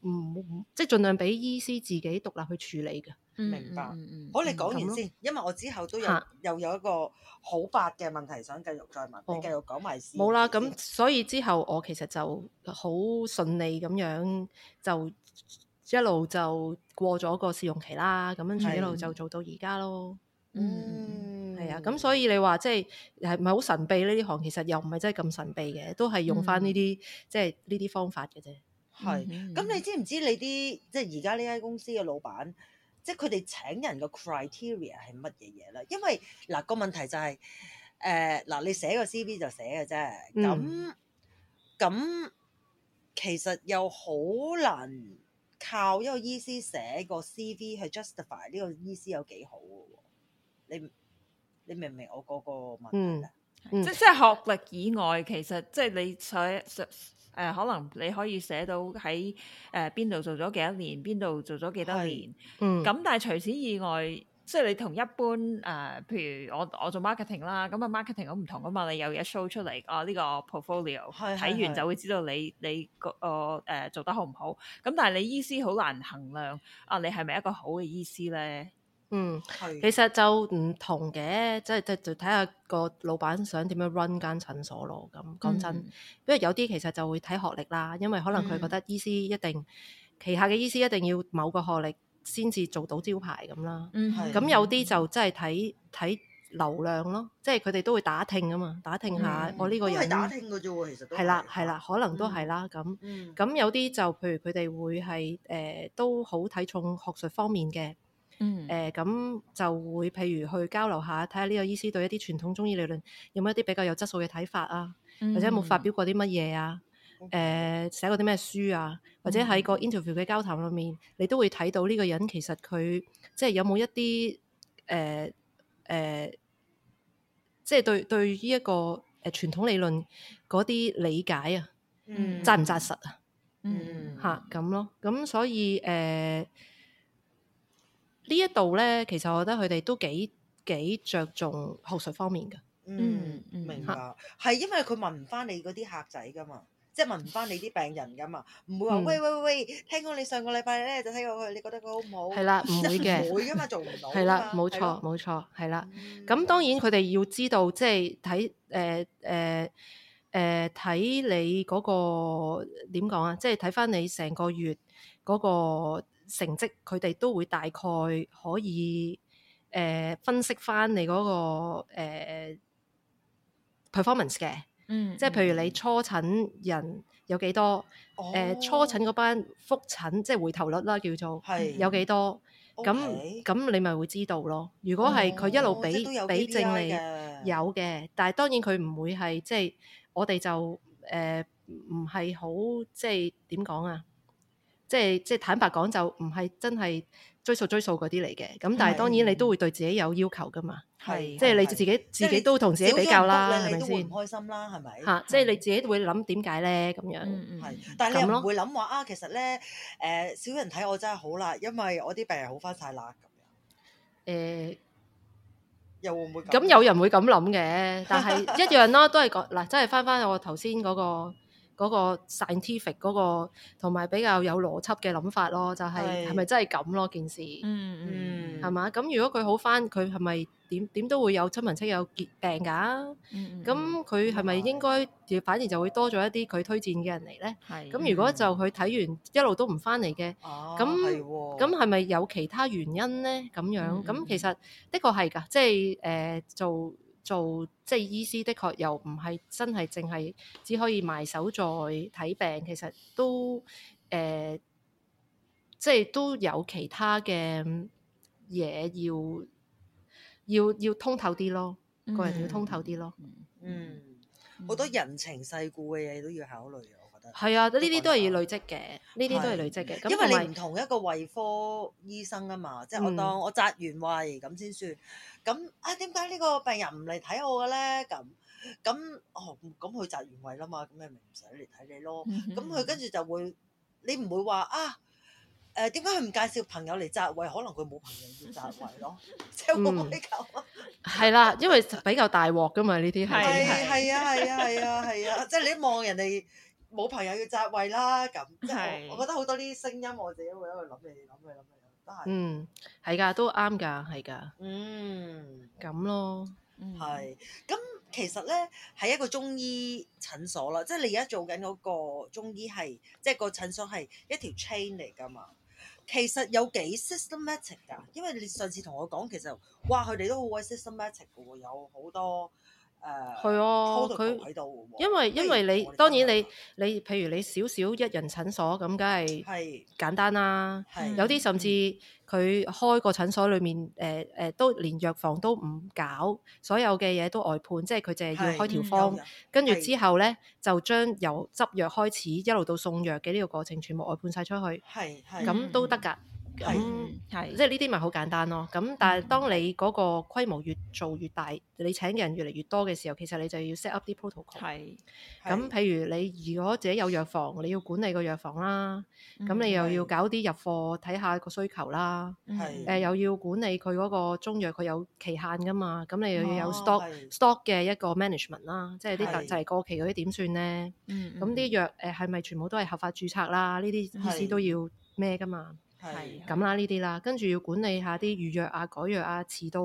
唔唔即係盡量俾醫師自己獨立去處理嘅。明白。好，你講完先，嗯、因為我之後都有又有一個好白嘅問題想繼續再問，啊、你繼續講埋先。冇啦、哦，咁所以之後我其實就好順利咁樣就一路就過咗個試用期啦，咁跟住一路就做到而家咯。是嗯。咁、嗯、所以你話即係係唔係好神秘呢？啲行其實又唔係真係咁神秘嘅，都係用返呢啲即係呢啲方法嘅啫。係咁，你知唔知你啲即係而家呢間公司嘅老闆，即係佢哋請人嘅 criteria 係乜嘢嘢啦？因為嗱個問題就係誒嗱，你寫個 CV 就寫嘅啫。咁咁、嗯、其實又好難靠一個醫師寫個 CV 去 justify 呢個醫師有幾好嘅、啊、喎？你？你明唔明我嗰個問題？嗯嗯、即係即係學歷以外，其實即係你寫寫、呃、可能你可以寫到喺誒邊度做咗幾多年，邊度做咗幾多年。咁、嗯、但係除此以外，即係你同一般誒、呃，譬如我我做 marketing 啦，咁啊 marketing 都唔同噶嘛。你有嘢 show 出嚟，我、啊、呢、這個 portfolio 睇是完就會知道你你個誒、呃、做得好唔好。咁但係你醫師好難衡量啊，你係咪一個好嘅醫師咧？嗯，的其實就唔同嘅，即係即係睇下個老闆想點樣 run 間診所咯。咁講真，嗯、因為有啲其實就會睇學歷啦，因為可能佢覺得醫師一定、嗯、旗下嘅醫師一定要某個學歷先至做到招牌咁啦。嗯，咁有啲就真係睇睇流量咯，即係佢哋都會打聽吖嘛，打聽下我呢個人。嗯、打聽嘅啫喎，其實。係啦，係啦，可能都係啦。咁、嗯，咁有啲就譬如佢哋會係誒、呃、都好睇重學術方面嘅。嗯，誒、呃，咁就會譬如去交流下，睇下呢個醫師對一啲傳統中醫理論有冇一啲比較有質素嘅睇法啊，嗯、或者有冇發表過啲乜嘢啊，誒 Okay.、呃，寫過啲咩書啊，或者喺個 interview 嘅交談裏面，嗯、你都會睇到呢個人其實佢即係有冇一啲誒誒，即、呃、係、呃就是，對對呢一個誒傳統理論嗰啲理解啊，嗯，紮唔紮實啊，嗯，吓咁、啊、咯，咁所以誒。呃呢一度咧，其實我覺得佢哋都幾幾著重學術方面嘅。嗯，嗯，明白。係因為佢問唔翻你嗰啲客仔噶嘛，即、就、係、是、問唔翻你啲病人噶嘛，唔會話、嗯、喂喂喂喂，聽講你上個禮拜咧就睇過佢，你覺得佢好唔好？係啦，唔會嘅。唔會噶嘛，做唔到。係啦，冇錯冇錯，係啦的。咁、嗯、當然佢哋要知道，即係睇誒誒誒睇你嗰、嗰個點講啊？即係睇翻你成個月嗰、嗰個。成績佢哋都會大概可以誒、呃、分析翻你嗰、那個誒、呃、performance 嘅，嗯，即係譬如你初診人有幾多，誒、哦呃、初診嗰班復診即係回頭率啦，叫做係是有幾多，咁咁 okay? 你咪會知道咯。如果係佢一路俾俾證你有嘅的，但係當然佢唔會係即係我哋就誒唔係好即係點講啊？即係即係坦白講，就唔係真係追數追數嗰啲嚟嘅。咁但係當然你都會對自己有要求㗎嘛。係。即係你自己自己都同自己比較啦，係咪先？唔開心啦，係咪？嚇！即係你自己會諗點解咧？咁樣。嗯嗯。係。但係你又唔會諗話啊，其實咧，誒少人睇我真係好啦，因為我啲病人好返晒啦。咁樣。誒。又會唔會？咁有人會咁諗嘅，但係一樣咯，都係講嗱，即係返返我頭先嗰個。嗰個 scientific 嗰個同埋比較有邏輯嘅諗法咯，就係係咪真係咁咯件事？嗯嗯，係嘛？咁如果佢好返，佢係咪點點都會有親朋戚友結病㗎？嗯，咁佢係咪應該反而就會多咗一啲佢推薦嘅人嚟咧？係。咁如果就佢睇完一路都唔返嚟嘅，哦，咁係喎，咁係咪有其他原因咧？咁樣，咁其實的確係㗎，即係誒做。做即係醫師的確又唔係真係淨係只可以埋手在睇病，其實都誒、呃，即係都有其他嘅嘢要要要通透啲咯，個人要通透啲咯，嗯。嗯、好、嗯、多人情世故嘅嘢都要考慮嘅，我覺得係啊，呢啲都係要累積嘅，呢啲都係累積嘅。對有因為你唔同一個胃科醫生啊嘛，嗯、即係我當我摘完胃咁先算。咁啊，點解呢個病人唔嚟睇我嘅咧？咁咁哦，咁佢扎完位啦嘛，咁咪唔使嚟睇你咯。咁佢跟住就會，你唔會話啊？誒，點解佢唔介紹朋友嚟扎位？可能佢冇朋友要扎位咯，即係冇咁。係啦，因為比較大鑊㗎嘛，呢啲係係係啊係啊係啊，即係你一望人哋冇朋友要扎位啦。咁即係我覺得好多呢啲聲音，我自己會喺度諗嚟諗去諗嚟。嗯，係噶，都啱噶，係噶、嗯。嗯，咁咯，係。咁其實咧，喺一個中醫診所啦，即係你而家做緊嗰個中醫係，即係個診所係一條 chain 嚟噶嘛。其實有幾 systematic 噶，因為你上次同我講，其實哇，佢哋都好鬼 systematic 噶喎，有好多。誒係哦，佢因為唉因為你的當然你你，吧你譬如你少少一人診所咁，梗係簡單啦。有啲甚至佢、嗯、開個診所裏面誒誒、呃呃，都連藥房都唔搞，所有嘅嘢都外判，即係佢淨係要開條方，嗯、跟住之後咧就將由執藥開始一路到送藥嘅呢個過程，全部外判晒出去，係咁都得㗎。嗯，係是，即係呢啲咪好簡單咯。咁但係當你嗰個規模越做越大，嗯、你請嘅人越嚟越多嘅時候，其實你就要 set up 啲 protocol 是。係，咁譬如你如果自己有藥房，你要管理個藥房啦，咁你又要搞啲入貨，睇下個需求啦。係是，誒、嗯呃、又要管理佢嗰個中藥，佢有期限噶嘛，咁你又要有 stock、哦、stock 嘅一個 management 啦，是即係啲特就係過期嗰啲點算咧、嗯嗯？嗯，咁啲藥誒係咪全部都係合法註冊啦？呢啲意思都要咩噶嘛？係咁啦，呢啲啦，跟住要管理下啲預約啊、改約啊、遲到、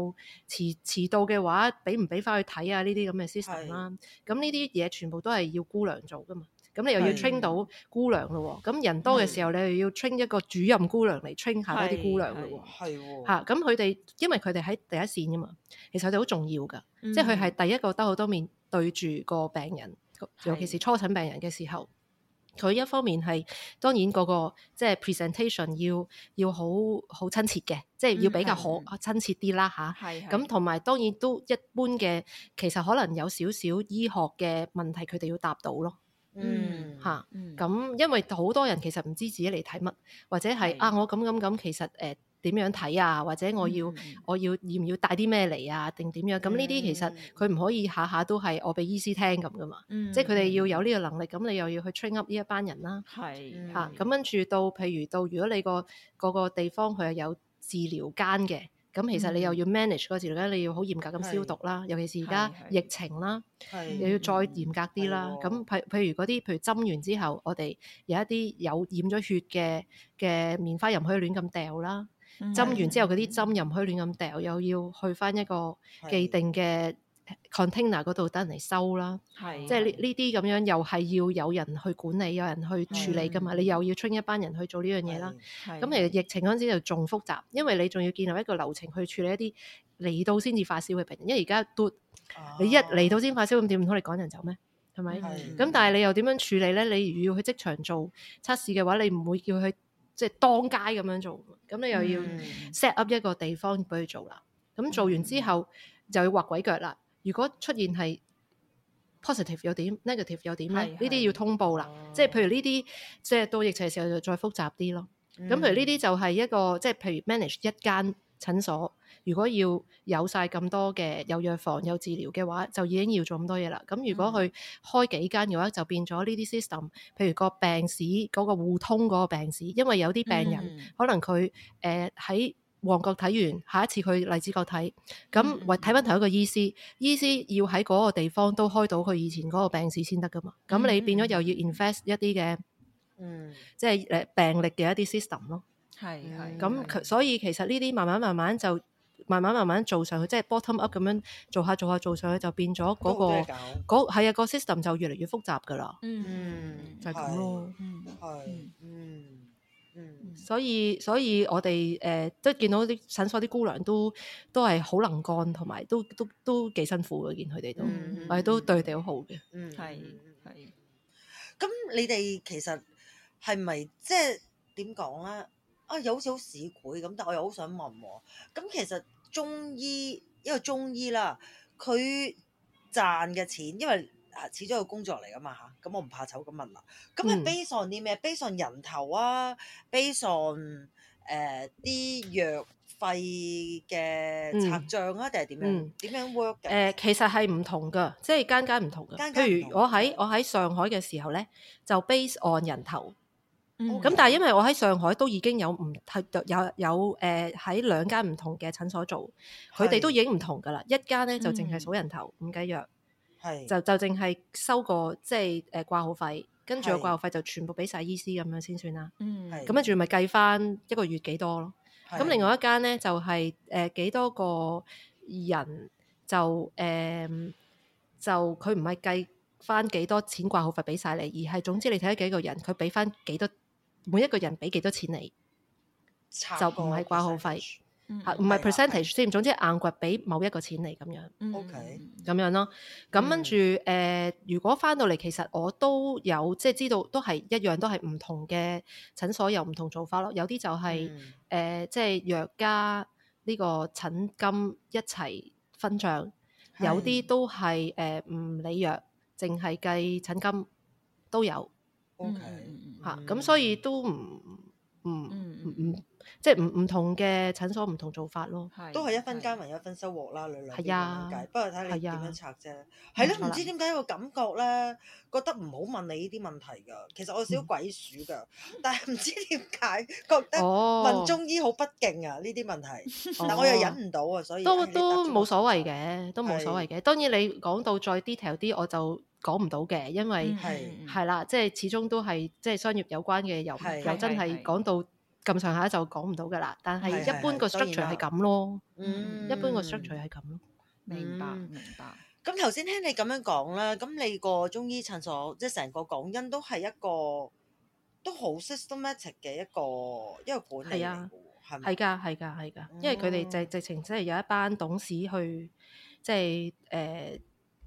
遲遲到嘅話，俾唔俾翻去睇啊？呢啲咁嘅 system 啦，咁呢啲嘢全部都係要姑娘做噶嘛。咁你又要 train 到姑娘咯、哦。咁是人多嘅時候，是你又要 train 一個主任姑娘嚟 train 下一啲姑娘咯。係喎。嚇，咁佢哋因為佢哋喺第一線噶嘛，其實佢哋好重要噶。嗯、即係佢係第一個得好多面對住個病人，尤其是初診病人嘅時候。佢一方面係當然嗰、嗰個即係 presentation 要要好好親切嘅，即係要比較好親、嗯、切啲啦吓，係、嗯。咁同埋當然都一般嘅，其實可能有少少醫學嘅問題，佢哋要答到咯。嗯。吓、啊，咁因為好多人其實唔知自己嚟睇乜，或者係是的 啊我咁咁咁，其實誒。呃點樣睇啊？或者我要、嗯、我要要唔要帶啲咩嚟啊？定點樣？咁呢啲其實佢唔可以下下都係我俾醫師聽咁噶嘛。嗯、即係佢哋要有呢個能力。咁你又要去 train up 呢一班人啦。係、嗯。嚇、啊，咁跟住到譬如到如果你、嗰個、嗰個地方佢係有治療間嘅，咁其實你又要 manage 個治療間，你要好嚴格咁消毒啦。是尤其是而家疫情啦，是嗯、又要再嚴格啲啦。咁譬的譬如嗰啲，譬如針完之後，我哋有一啲有染咗血嘅嘅棉花，又唔可以亂咁掉啦。針完之後，嗰啲針又唔可以亂咁掉，又要去翻一個既定嘅 container 嗰度等人嚟收啦。係的，即係呢呢啲咁樣又係要有人去管理，有人去處理噶嘛。的你又要 train 一班人去做呢樣嘢啦。咁其實疫情嗰陣時就仲複雜，因為你仲要建立一個流程去處理一啲嚟到先至發燒嘅病人。因為而家嘟你一嚟到先發燒咁點唔通？啊、你趕人走咩？係咪？咁的、嗯嗯、但係你又點樣處理咧？你如果要去即場做測試嘅話，你唔會叫佢。即係當街咁樣做，咁你又要 set up 一個地方俾佢做啦。咁做完之後、嗯、就要畫鬼腳啦。如果出現係 positive 又點，negative 又點咧？呢啲係要通報啦、嗯。即係譬如呢啲，即係到疫情嘅時候就再複雜啲咯。咁譬如呢啲就係一個，嗯、即係譬如 manage 一間診所。如果要有晒咁多嘅，有藥房有治療嘅話，就已經要做咁多嘢啦。咁如果佢開幾間嘅話，就變咗呢啲 system，譬如個病史嗰個互通嗰個病史，因為有啲病人可能佢誒喺旺角睇完，下一次去荔枝角睇，咁或睇翻同一個醫師，醫師要喺嗰個地方都開到佢以前嗰個病史先得噶嘛。咁你變咗又要 invest 一啲嘅，嗯，即係誒病歷嘅一啲 system 咯。係，係。咁所以其實呢啲慢慢慢慢就。慢慢慢慢做上去，即係 bottom up 咁樣做下做下做上去，就變咗嗰個嗰係啊個 system 就越嚟越複雜噶啦。嗯，就係咁咯。嗯，係，嗯嗯。所以所以我哋誒，即係見到啲診所啲姑娘都都係好能幹，同埋都都都幾辛苦嘅，見佢哋都，我哋都對佢哋好好嘅。嗯，係係。咁你哋其實係咪即係點講咧？啊，有少少市儈咁，但係我又好想問喎。咁、哦、其實中醫，因為中醫啦，佢賺嘅錢，因為啊，始終有工作嚟噶嘛嚇。咁我唔怕醜咁問啦。咁係 base on 啲咩，base on 人頭啊，base on 啲藥費嘅拆賬啊，定係點樣，點樣 work 嘅？誒，其實係唔同噶，即係間間唔同噶。譬如我喺我喺上海嘅時候咧，就 base on 人頭。咁、嗯嗯、但係因為我喺上海都已經有唔係有有誒喺兩間唔同嘅診所做，佢哋都已經唔同噶啦。是一間咧就淨係數人頭、唔計藥，係是就就淨係收過、就是呃、掛個即係誒掛號費，跟住個掛號費就全部俾晒醫師咁樣先算啦。是嗯，咁跟住咪計翻一個月幾多咯。咁是另外一間咧就係誒幾多個人就誒、呃、就佢唔係計翻幾多錢掛號費俾晒你，而係總之你睇得幾個人，佢俾翻幾多。每一個人俾幾多錢，你就唔係掛號費，唔係 percentage 先，總之硬掘俾某一個錢你咁樣。OK，咁樣咯。咁、嗯、跟住誒、呃，如果返到嚟，其實我都有即係知道，都係一樣，都係唔同嘅診所有唔同做法咯。有啲就係、是、誒、嗯呃，即係藥加呢個診金一齊分帳；是有啲都係誒，唔、呃、理藥，淨係計診金都有。O K，吓咁所以都唔唔唔唔，即係唔唔同嘅診所唔同做法咯，都係一分耕耘一分收穫啦，你兩唔計，不過睇你點樣拆啫。係咯，唔知點解個感覺咧，覺得唔好問你呢啲問題噶，其實我少鬼鼠噶，但係唔知點解覺得問中醫好不敬啊呢啲問題，但我又忍唔到啊，所以都都冇所謂嘅，都冇所謂嘅。當然你講到再 detail 啲，我就。講唔到嘅，因為係、嗯、啦，即係始終都係即係商業有關嘅，又又真係講到咁上下就講唔到噶啦。但係一般個 structure 係咁咯，嗯，一般個 structure 係咁、嗯、咯。嗯、明白，明白。咁頭先聽你咁樣講咧，咁你個中醫診所即係成個港恩都係一個都好 systematic 嘅一個一個管理嚟㗎喎，係㗎係㗎係㗎，係係因為佢哋就直情即係有一班董事去即係誒。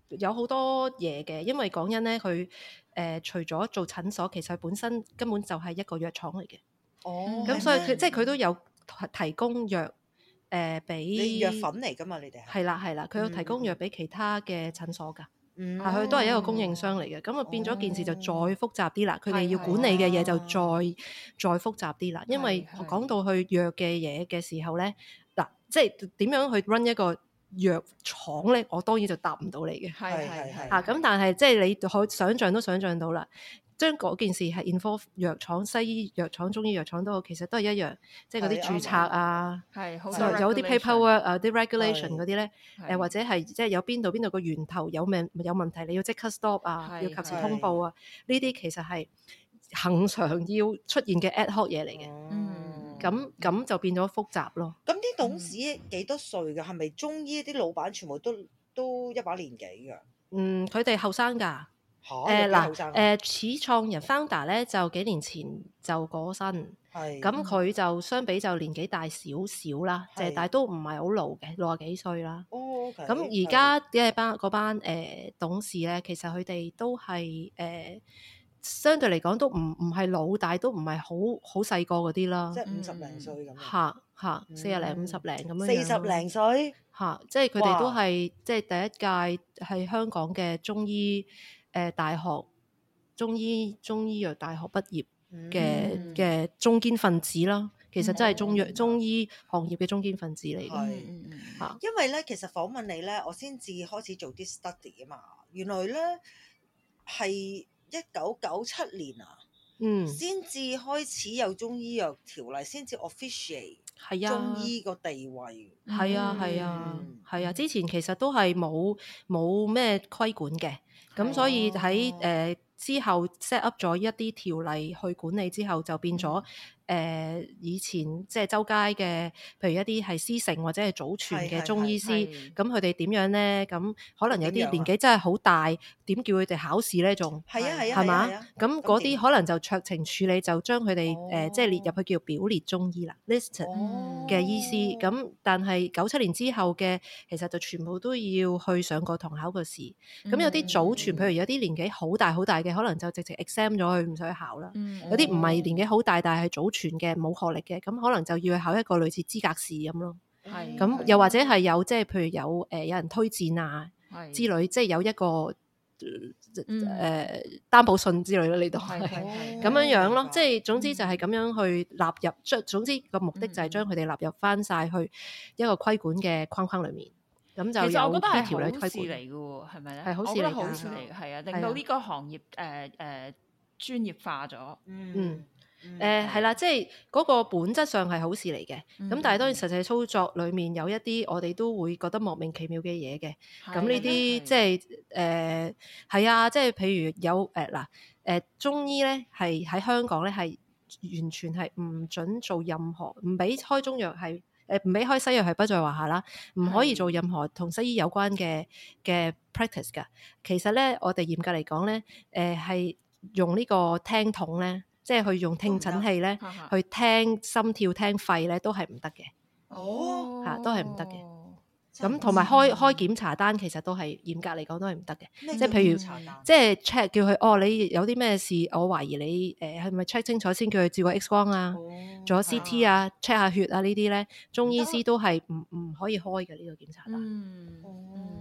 有好多嘢嘅，因為港恩咧佢誒除咗做診所，其實本身根本就係一個藥廠嚟嘅。哦、oh, 嗯，咁所以佢即係佢都有提供藥誒俾。藥、呃、粉嚟噶嘛？你哋係啦係啦，佢有提供藥俾其他嘅診所噶，係佢、mm hmm. 都係一個供應商嚟嘅。咁啊、oh, 變咗件事就再複雜啲啦。佢哋、oh, 要管理嘅嘢就再的再複雜啲啦。因為講到去藥嘅嘢嘅時候咧，嗱，即係點樣去 run 一個？藥廠咧，我當然就答唔到你嘅。係係係。嚇，咁，但係即係你可想象都想象到啦。將嗰件事係藥廠、西醫藥廠、中醫藥廠都好，其實都係一樣，即係嗰啲註冊啊，有啲 paperwork 啊，啲 regulation 嗰啲咧，誒的或者係即係有邊度邊度個源頭有命有問題，你要即刻 stop 啊，的要及時通報啊，呢啲其實係恒常要出現嘅 ad hoc 嘢嚟嘅。咁咁就變咗複雜咯。咁啲、嗯、董事幾多歲㗎？係咪中醫啲老闆全部都都一把年紀㗎？嗯，佢哋後生㗎。嚇、啊？誒嗱、啊，誒、呃呃、始創人 founder、er、咧，就幾年前就過身。係是。咁佢就相比就年紀大少少啦，誒是，但係都唔係好老嘅，六十幾歲啦。哦。咁而家嘅班嗰是班誒、呃、董事咧，其實佢哋都係誒。呃相對嚟講都唔唔係老，大，都唔係好好細個嗰啲啦。即係五十零歲咁。吓吓、嗯，四廿零、五十零咁樣。四十零歲。吓，即係佢哋都係哇即係第一屆係香港嘅中醫誒、呃、大學中醫中醫藥大學畢業嘅嘅、嗯、中堅分子啦。其實真係中藥中醫行業嘅中堅分子嚟。嘅。吓，因為咧，其實訪問你咧，我先至開始做啲 study 啊嘛。原來咧係。一九九七年啊，嗯，先至開始有中醫藥條例，先至 officiate 中醫個地位。係啊，係啊，係啊，啊，之前其實都係冇冇咩規管嘅，咁所以喺誒、啊呃、之後 set up 咗一啲條例去管理之後，就變咗。嗯誒、呃、以前即係周街嘅，譬如一啲係師承或者係祖傳嘅中醫師，咁佢哋點樣咧？咁可能有啲年紀真係好大，點叫佢哋考試咧？仲係啊係啊，係嘛、啊？咁嗰啲可能就酌情處理，就將佢哋誒即係列入去叫表列中醫啦、哦、，listed 嘅醫師。咁但係九七年之後嘅，其實就全部都要去上個堂考個試，咁有啲祖傳譬如有啲年紀好大好大嘅，嗯嗯、可能就直情 exam 咗佢，唔使考啦。有啲唔係年紀好大，但係祖傳。全嘅冇學歷嘅，咁、嗯、可能就要去考一個類似資格試咁咯。係咁，又或者係有即係，譬如有誒、呃、有人推薦啊的之類，即係有一個誒擔、呃、保信之類咯、啊。呢度係咁樣樣咯。即係總之就係咁樣去納入將。總之個目的就係將佢哋納入翻晒去一個規管嘅框框裏面。咁、嗯、就條其實我覺得係條例規管嚟嘅，係咪咧？係好事嚟，好事嚟，係啊！令到呢個行業誒誒專業化咗。嗯。 *music* *noise* .誒係啦，即係嗰個本質上係好事嚟嘅。咁、嗯、但係當然實際操作裡面有一啲我哋都會覺得莫名其妙嘅嘢嘅。咁呢啲即係誒係啊，即係譬如有誒嗱誒中醫咧，係喺香港咧係完全係唔準做任何唔俾開中藥係誒唔俾開西藥係不在話下啦。唔可以做任何同西醫有關嘅嘅 practice 噶。其實咧，我哋嚴格嚟講咧，誒、呃、係用呢個聽筒咧。即係佢用聽診器咧， *music* 去聽心跳、聽肺咧，都係唔得嘅。哦，吓、啊、都係唔得嘅。咁同埋開開檢查單，其實都係嚴格嚟講都係唔得嘅。即係譬如，即係 check 叫佢哦，你有啲咩事？我懷疑你誒，係、呃、咪 check 清楚先叫佢照個 X 光啊？哦、做個 CT 啊？check、啊、下血啊？呢啲咧，中醫師都係唔唔可以開嘅呢、這個檢查單。嗯嗯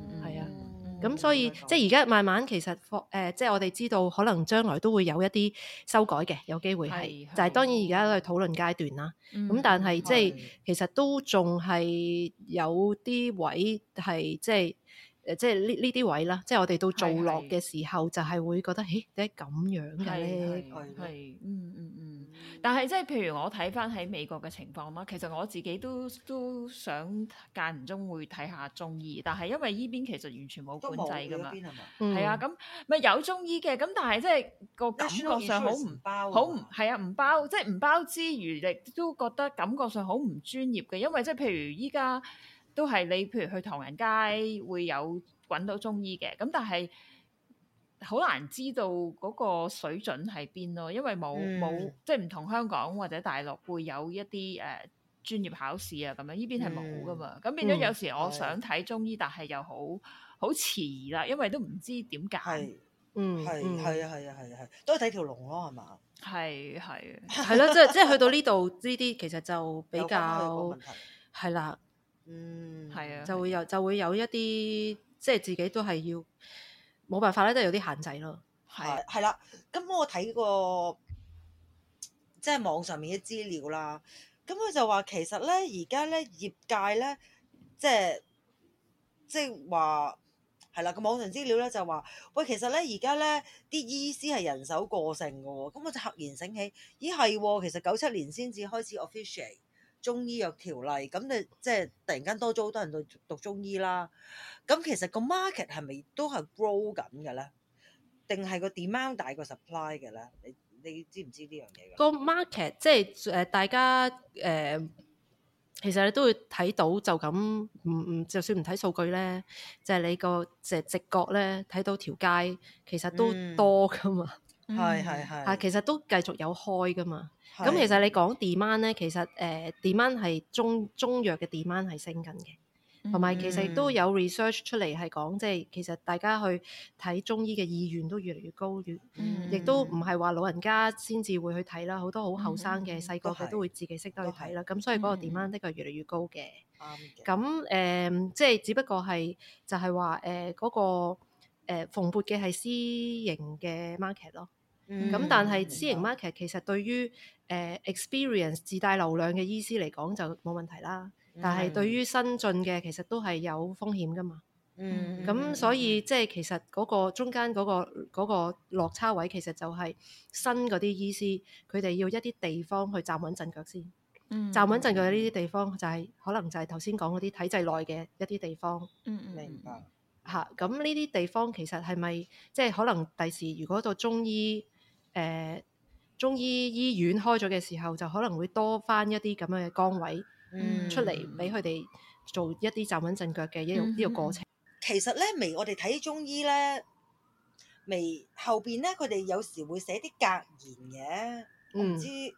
咁、嗯、所以，嗯、即係而家慢慢其實，誒、呃，即係我哋知道，可能將來都會有一啲修改嘅，有機會係，是但係當然而家都係討論階段啦。咁但係，即係其實都仲係有啲位係即係。誒，即係呢呢啲位啦，即係我哋到做落嘅時候，是是就係會覺得，咦，點解咁樣嘅咧？係是的、嗯，嗯嗯嗯。但係即係譬如我睇翻喺美國嘅情況嘛，其實我自己都都想間唔中會睇下中醫，但係因為呢邊其實完全冇管制㗎嘛，係、嗯、啊，咁咪、嗯、有中醫嘅，咁但係即係個感覺上好唔、嗯、包，好唔係啊，唔包，即係唔包之餘，亦都覺得感覺上好唔專業嘅，因為即係譬如依家。都係你，譬如去唐人街，會有搵到中醫嘅。咁但係好難知道嗰個水準喺邊咯，因為冇冇、嗯、即係唔同香港或者大陸會有一啲誒、呃、專業考試啊咁樣，呢邊係冇㗎嘛。咁變咗有時我想睇中醫，但係又好好遲啦，因為都唔知點解是、嗯。嗯，係係啊，係啊，係啊，係都係睇條龍咯，係嘛？係係係咯，即係即係去到呢度呢啲，其實就比較係啦。嗯，係啊就，就會有就會有一啲即係自己都係要冇辦法咧，都有啲限制咯。係係啦。咁、啊、我睇過即係網上面嘅資料啦。咁佢就話其實咧，而家咧業界咧，即係即係話係啦。個網上資料咧就話喂，其實咧而家咧啲醫師係人手過剩噶。咁我就赫然醒起咦，係其實九七年先至開始 official。中醫藥條例咁，你即係突然間多咗好多人去讀中醫啦。咁其實個 market 係咪都係 grow 緊嘅咧？定係個 demand 大過 supply 嘅咧？你你知唔知樣呢樣嘢㗎？個 market 即係誒、呃、大家誒、呃，其實你都會睇到，就咁唔唔，就算唔睇數據咧，就係、是、你個直直覺咧，睇到條街其實都多噶嘛。嗯係係係嚇，mm. 其實都繼續有開噶嘛。咁是其實你講 demand 咧，其實誒、呃、demand 係中中藥嘅 demand 係升緊嘅，同埋、嗯、其實都有 research 出嚟係講，即、就、係、是、其實大家去睇中醫嘅意願都越嚟越高，越，亦都唔係話老人家先至會去睇啦，好多好後生嘅細個佢都會自己識得去睇啦。咁是所以嗰個 demand 的確、嗯、越嚟越高嘅。咁誒、嗯呃，即係、就是、只不過係就係話誒嗰個、呃呃呃呃、蓬勃嘅係私營嘅 market 咯。咁、嗯、但係私營市場，其實其實對於誒、呃、experience 自帶流量嘅醫師嚟講就冇問題啦。嗯、但係對於新進嘅，其實都係有風險噶嘛嗯。嗯。咁、嗯、所以即係、就是、其實嗰個中間嗰、那個那個落差位，其實就係新嗰啲醫師佢哋要一啲地方去站穩陣腳先。站穩陣腳呢啲地方就係、是嗯、可能就係頭先講嗰啲體制內嘅一啲地方。嗯嗯、明白。嚇、嗯！咁呢啲地方其實係咪即係可能第時如果到中醫？誒，uh, 中醫醫院開咗嘅時候，就可能會多翻一啲咁樣嘅崗位、嗯、出嚟俾佢哋做一啲站穩陣腳嘅一呢個過程、嗯嗯嗯。其實咧，未我哋睇中醫咧，未後邊咧，佢哋有時會寫啲格言嘅，我唔知、嗯、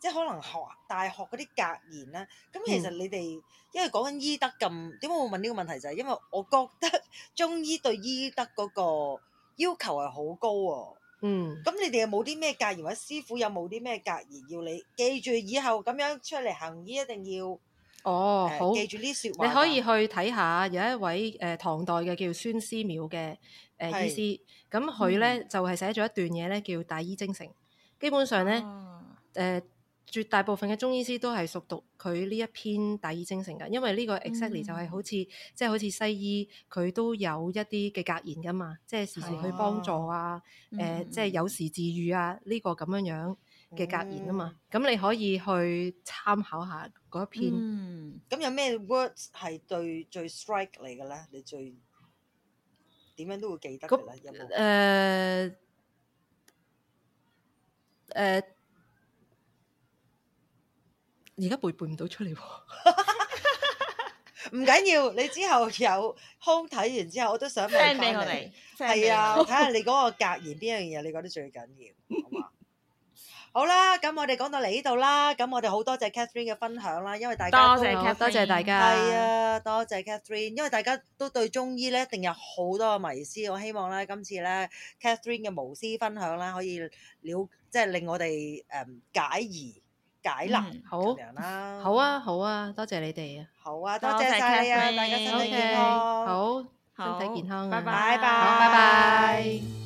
即係可能學大學嗰啲格言啦。咁其實你哋、嗯、因為講緊醫德咁，點解我會問呢個問題就係、是、因為我覺得中醫對醫德嗰個要求係好高喎。嗯，咁你哋有冇啲咩格言，或者師傅有冇啲咩格言要你記住？以後咁樣出嚟行醫一定要哦好、呃，記住呢啲說話。你可以去睇下有一位誒、呃、唐代嘅叫孫思邈嘅誒醫師，咁佢咧就係寫咗一段嘢咧叫《大醫精誠》，基本上咧誒。啊呃絕大部分嘅中醫師都係熟讀佢呢一篇大醫精誠嘅，因為呢個 exactly 就係好似、嗯、即係好似西醫，佢都有一啲嘅格言噶嘛，即係時時去幫助啊，誒、啊嗯呃，即係有時治癒啊，呢、這個咁樣樣嘅格言啊嘛，咁、嗯、你可以去參考下嗰一篇。嗯，咁有咩 words 係對最 strike 嚟嘅咧？你最點樣都會記得咧？誒那而家背背唔到出嚟喎，唔緊要，你之後有空睇完之後，我都想 send 俾我哋，係啊，睇下 *laughs* 你嗰個格言邊樣嘢你覺得最緊要，好嘛？ *laughs* 好啦，咁我哋講到嚟呢度啦，咁我哋好多謝 Catherine 嘅分享啦，因為大家多謝多謝大家，係啊，多謝 Catherine，因為大家都對中醫咧一定有好多嘅迷思，我希望咧今次咧 Catherine 嘅無私分享啦，可以了即係令我哋誒解疑。嗯、好，好啊，好啊，多謝你哋啊，好啊，多謝晒啊，Thank you. 大家身體健康，身體健康，拜、okay, 好，拜拜好，拜拜。